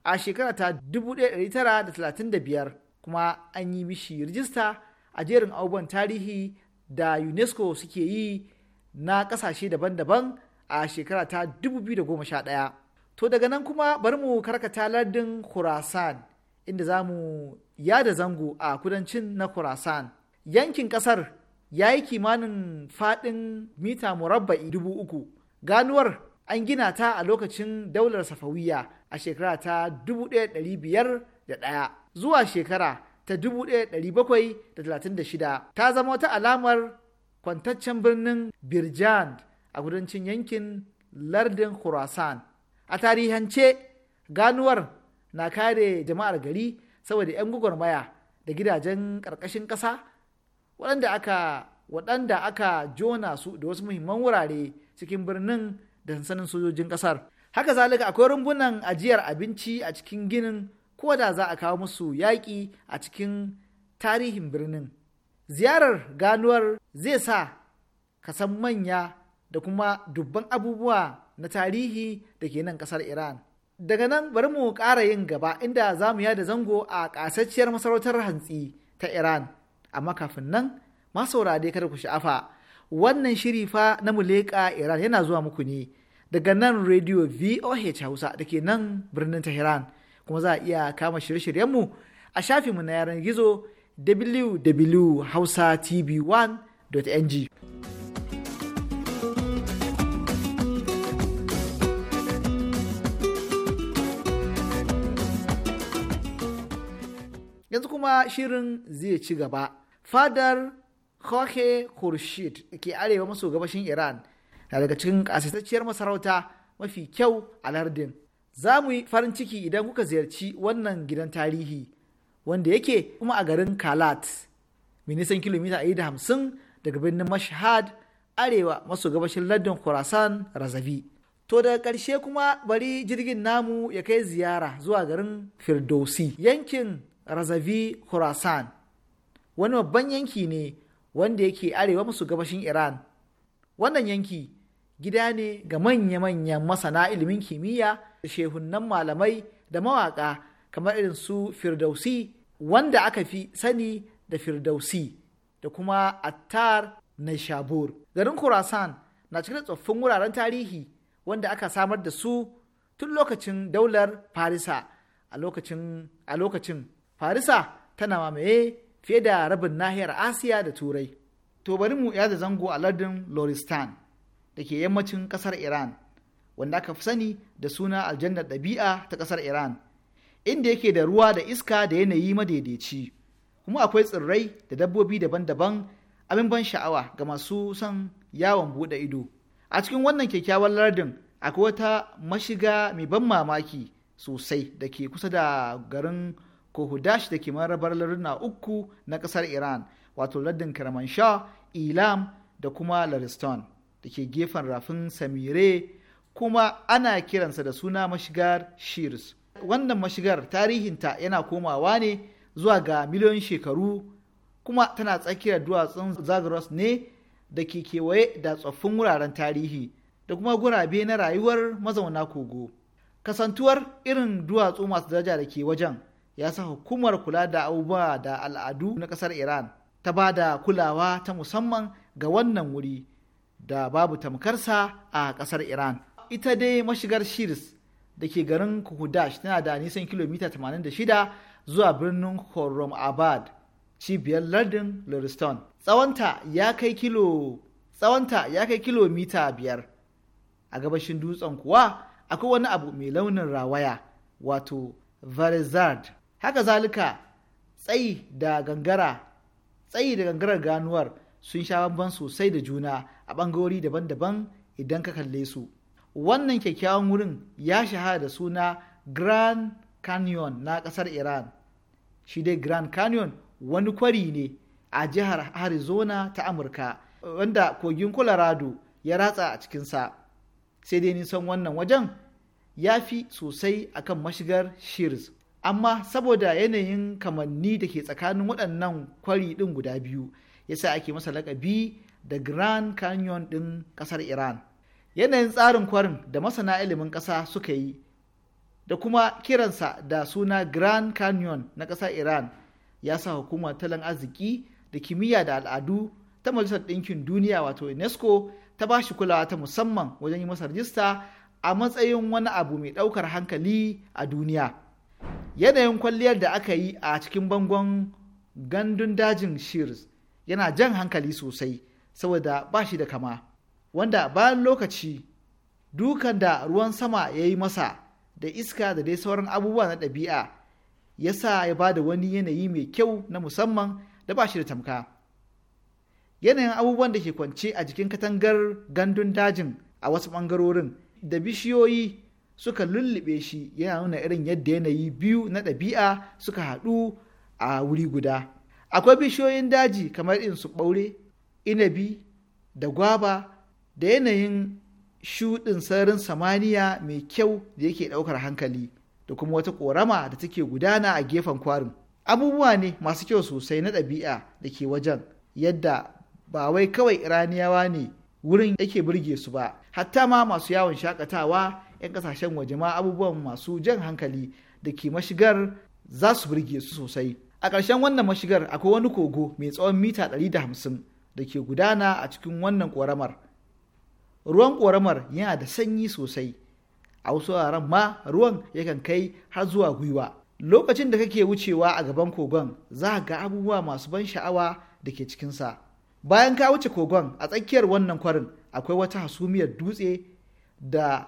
a shekara ta 1935 kuma an yi mishi rijista a jerin abubuwan tarihi da unesco suke yi na kasashe daban-daban a shekara ta 2011 to daga nan kuma bari mu karkata lardin khurasan inda za mu yada zango a kudancin na kurasan. Yankin ƙasar ya yi kimanin faɗin mita murabba'i dubu uku. Ganuwar an gina ta a lokacin daular safawiya a shekara ta dubu da biyar ɗaya, zuwa shekara ta dubu da da bakwai talatin shida. ta zama wata alamar kwantaccen birnin Birjan a kudancin yankin lardin kurasan. A tarihance ganuwar na kare jama'ar gari saboda 'yan gwagwarmaya da gidajen ƙarƙashin ƙasa waɗanda aka waɗanda aka jona su da wasu muhimman wurare cikin birnin da sansanin sojojin ƙasar haka zalika akwai rumbunan ajiyar abinci a cikin ginin ko da za a kawo musu yaƙi a cikin tarihin birnin ziyarar ganuwar zai sa ka san manya da kuma dubban abubuwa na tarihi da ke nan ƙasar iran daga nan bari mu ƙara yin gaba inda za mu yada zango a ƙasasciyar masarautar hantsi ta iran amma kafin nan masaurare kada ku sha'afa wannan shiri fa na mu muleka iran yana zuwa muku ne daga nan radio voh hausa da ke nan birnin tehran kuma za a iya kama shirye-shiryenmu a shafinmu na yaran gizo wwwhausatv tv1.ng yanzu kuma shirin zai ci gaba fadar Jorge Khurshid ke arewa maso gabashin Iran na daga cikin kasaitacciyar masarauta mafi kyau a lardin. Za mu yi farin ciki idan kuka ziyarci wannan gidan tarihi wanda yake kuma a garin Kalat, minisan kilomita kilomita da hamsin daga birnin Mashhad arewa maso gabashin lardin Khorasan Razavi. To daga ƙarshe kuma bari jirgin namu ya kai ziyara zuwa garin Firdausi yankin razavi khurasan wani babban yanki ne wanda yake arewa musu gabashin iran wannan yanki gida ne ga manya-manyan masana ilimin kimiyya da shehunan malamai da mawaka kamar irin su firdausi wanda aka fi sani da firdausi da kuma attar na shabur garin khurasan na cikin tsoffin wuraren tarihi wanda aka samar da su tun lokacin daular farisa a lokacin farisa tana mamaye fiye da rabin nahiyar asiya da turai to bari mu yada zango a lardin loristan da ke yammacin kasar iran wanda aka fi sani da suna aljannar ɗabi'a ta kasar iran inda yake da ruwa da iska da yanayi madaidaici kuma akwai tsirrai da dabbobi daban-daban abin ban sha'awa ga masu son yawon buɗe ido a cikin wannan kyakkyawan lardin akwai wata mashiga mai ban mamaki sosai da ke kusa da garin ko hudash da ke marabar larduna uku na ƙasar iran wato lardin kermanshah ilam da kuma lariston da ke gefen rafin samire kuma ana kiransa da suna mashigar Shirs. wannan mashigar tarihinta yana komawa ne zuwa ga miliyoyin shekaru kuma tana tsakiyar duwatsun zagros ne da ke kewaye da tsoffin wuraren tarihi da kuma gurabe na rayuwar mazauna kogo kasantuwar irin duwatsu masu daraja da ke wajen ya sa hukumar kula da abubuwa da al'adu na ƙasar iran ta ba da kulawa ta musamman ga wannan wuri da babu tamkarsa a ƙasar iran ita dai mashigar shirs da ke garin kuhudash tana da nisan kilomita 86 zuwa birnin khorram abad cibiyar lardin lariston tsawonta ya kai kilomita biyar a gabashin dutsen kuwa akwai wani abu mai launin rawaya wato verizard haka zalika tsayi da gangara tsayi da gangarar ganuwar sun sha bamban sosai da juna a ɓangarori daban-daban idan ka kalle su wannan kyakkyawan wurin ya shahara da suna grand canyon na ƙasar iran shi dai grand canyon wani kwari ne a jihar arizona ta amurka wanda kogin colorado ya ratsa a cikinsa sai dai nisan wannan wajen ya fi sosai akan mashigar shears amma saboda yanayin kamanni da ke tsakanin waɗannan kwari ɗin guda biyu ya yasa ake masa lakabi da grand canyon ɗin ƙasar iran yanayin tsarin kwarin da masana ilimin ƙasa suka yi da kuma kiransa da suna grand canyon na ƙasar iran ya sa hukumar talan arziki da kimiyya da al'adu ta majalisar ɗinkin duniya wato unesco ta ba shi kulawa ta musamman wajen yi masa rajista a matsayin wani abu mai ɗaukar hankali a duniya. yanayin kwalliyar da aka yi a cikin bangon gandun dajin shears yana jan hankali sosai saboda ba shi da kama wanda bayan lokaci dukan da ruwan sama ya yi masa da iska da dai sauran abubuwa na ɗabi'a ya sa ya ba da wani yanayi mai kyau na musamman da ba shi da tamka yanayin abubuwan da ke kwance a jikin katangar gandun dajin a wasu ɓangarorin da bishiyoyi suka lullube shi yana nuna irin yadda yanayi biyu na ɗabi'a suka haɗu a wuri guda akwai bishiyoyin daji kamar in su ɓaure inabi da gwaba da yanayin shuɗin sararin samaniya mai kyau da yake ɗaukar hankali da kuma wata ƙorama da take gudana a gefen kwarin abubuwa ne masu kyau sosai na ɗabi'a da ke wajen yadda ba wai kawai iraniyawa ne wurin yake burge su ba hatta ma masu yawon shakatawa 'yan kasashen waje ma abubuwan masu jan hankali da ke mashigar za su burge su sosai a ƙarshen wannan mashigar akwai wani kogo mai tsawon mita 150 da ke gudana a cikin wannan ƙoramar ruwan ƙoramar yana da sanyi sosai a wasu wuraren ma ruwan yakan kai har zuwa gwiwa lokacin da kake wucewa a gaban kogon za ga abubuwa masu ban sha'awa da ke cikinsa bayan ka wuce kogon a tsakiyar wannan kwarin akwai wata hasumiyar dutse da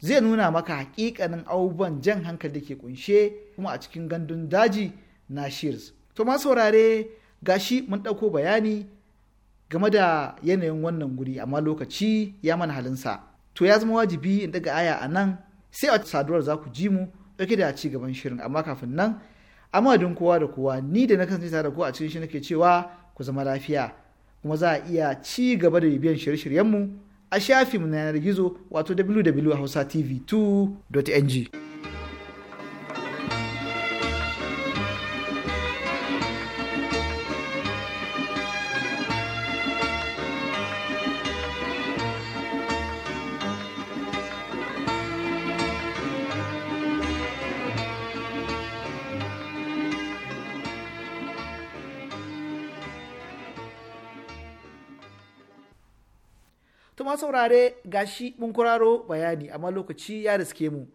zai nuna maka hakikanin abubuwan jan hankali da ke kunshe kuma a cikin gandun daji na shears to ma saurare gashi mun ɗauko bayani game da yanayin wannan guri amma lokaci ya mana halinsa to ya zama wajibi in daga aya a nan sai a saduwar za ku ji mu ɗauke da ci gaban shirin amma kafin nan amma don kowa da kowa ni da na kasance tare da ku a cikin shi nake cewa ku zama lafiya kuma za a iya ci gaba da bibiyan shirye-shiryenmu a shafin na yanar gizo wato www.hausatv2.ng. saurare gashi mun kuraro bayani amma lokaci ya riske mu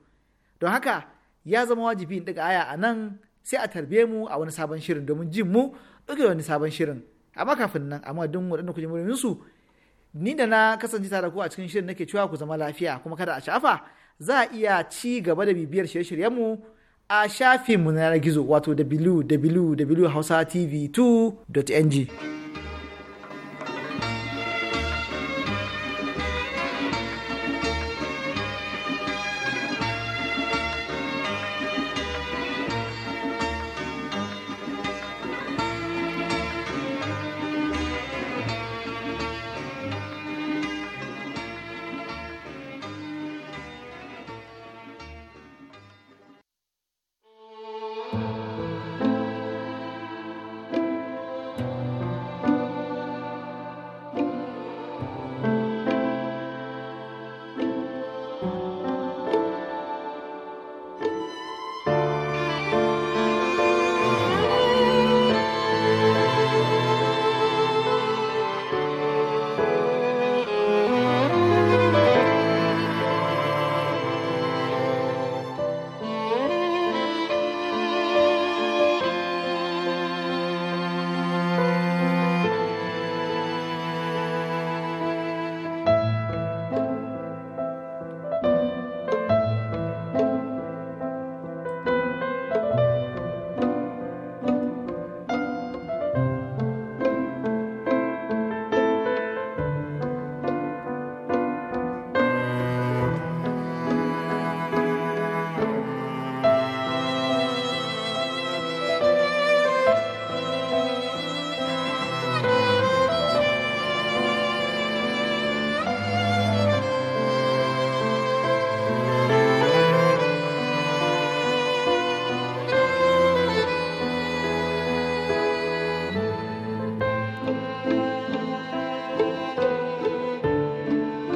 don haka ya zama wajibi in ɗiga aya a nan sai a tarbe mu a wani sabon shirin domin jin mu ɗauke wani sabon shirin amma kafin nan amma don waɗanda ku ji su ni da na kasance tare ku a cikin shirin nake cewa ku zama lafiya kuma kada a shafa za a iya ci gaba da bibiyar shirye mu a shafin mu na gizo wato www.hausatv2.ng.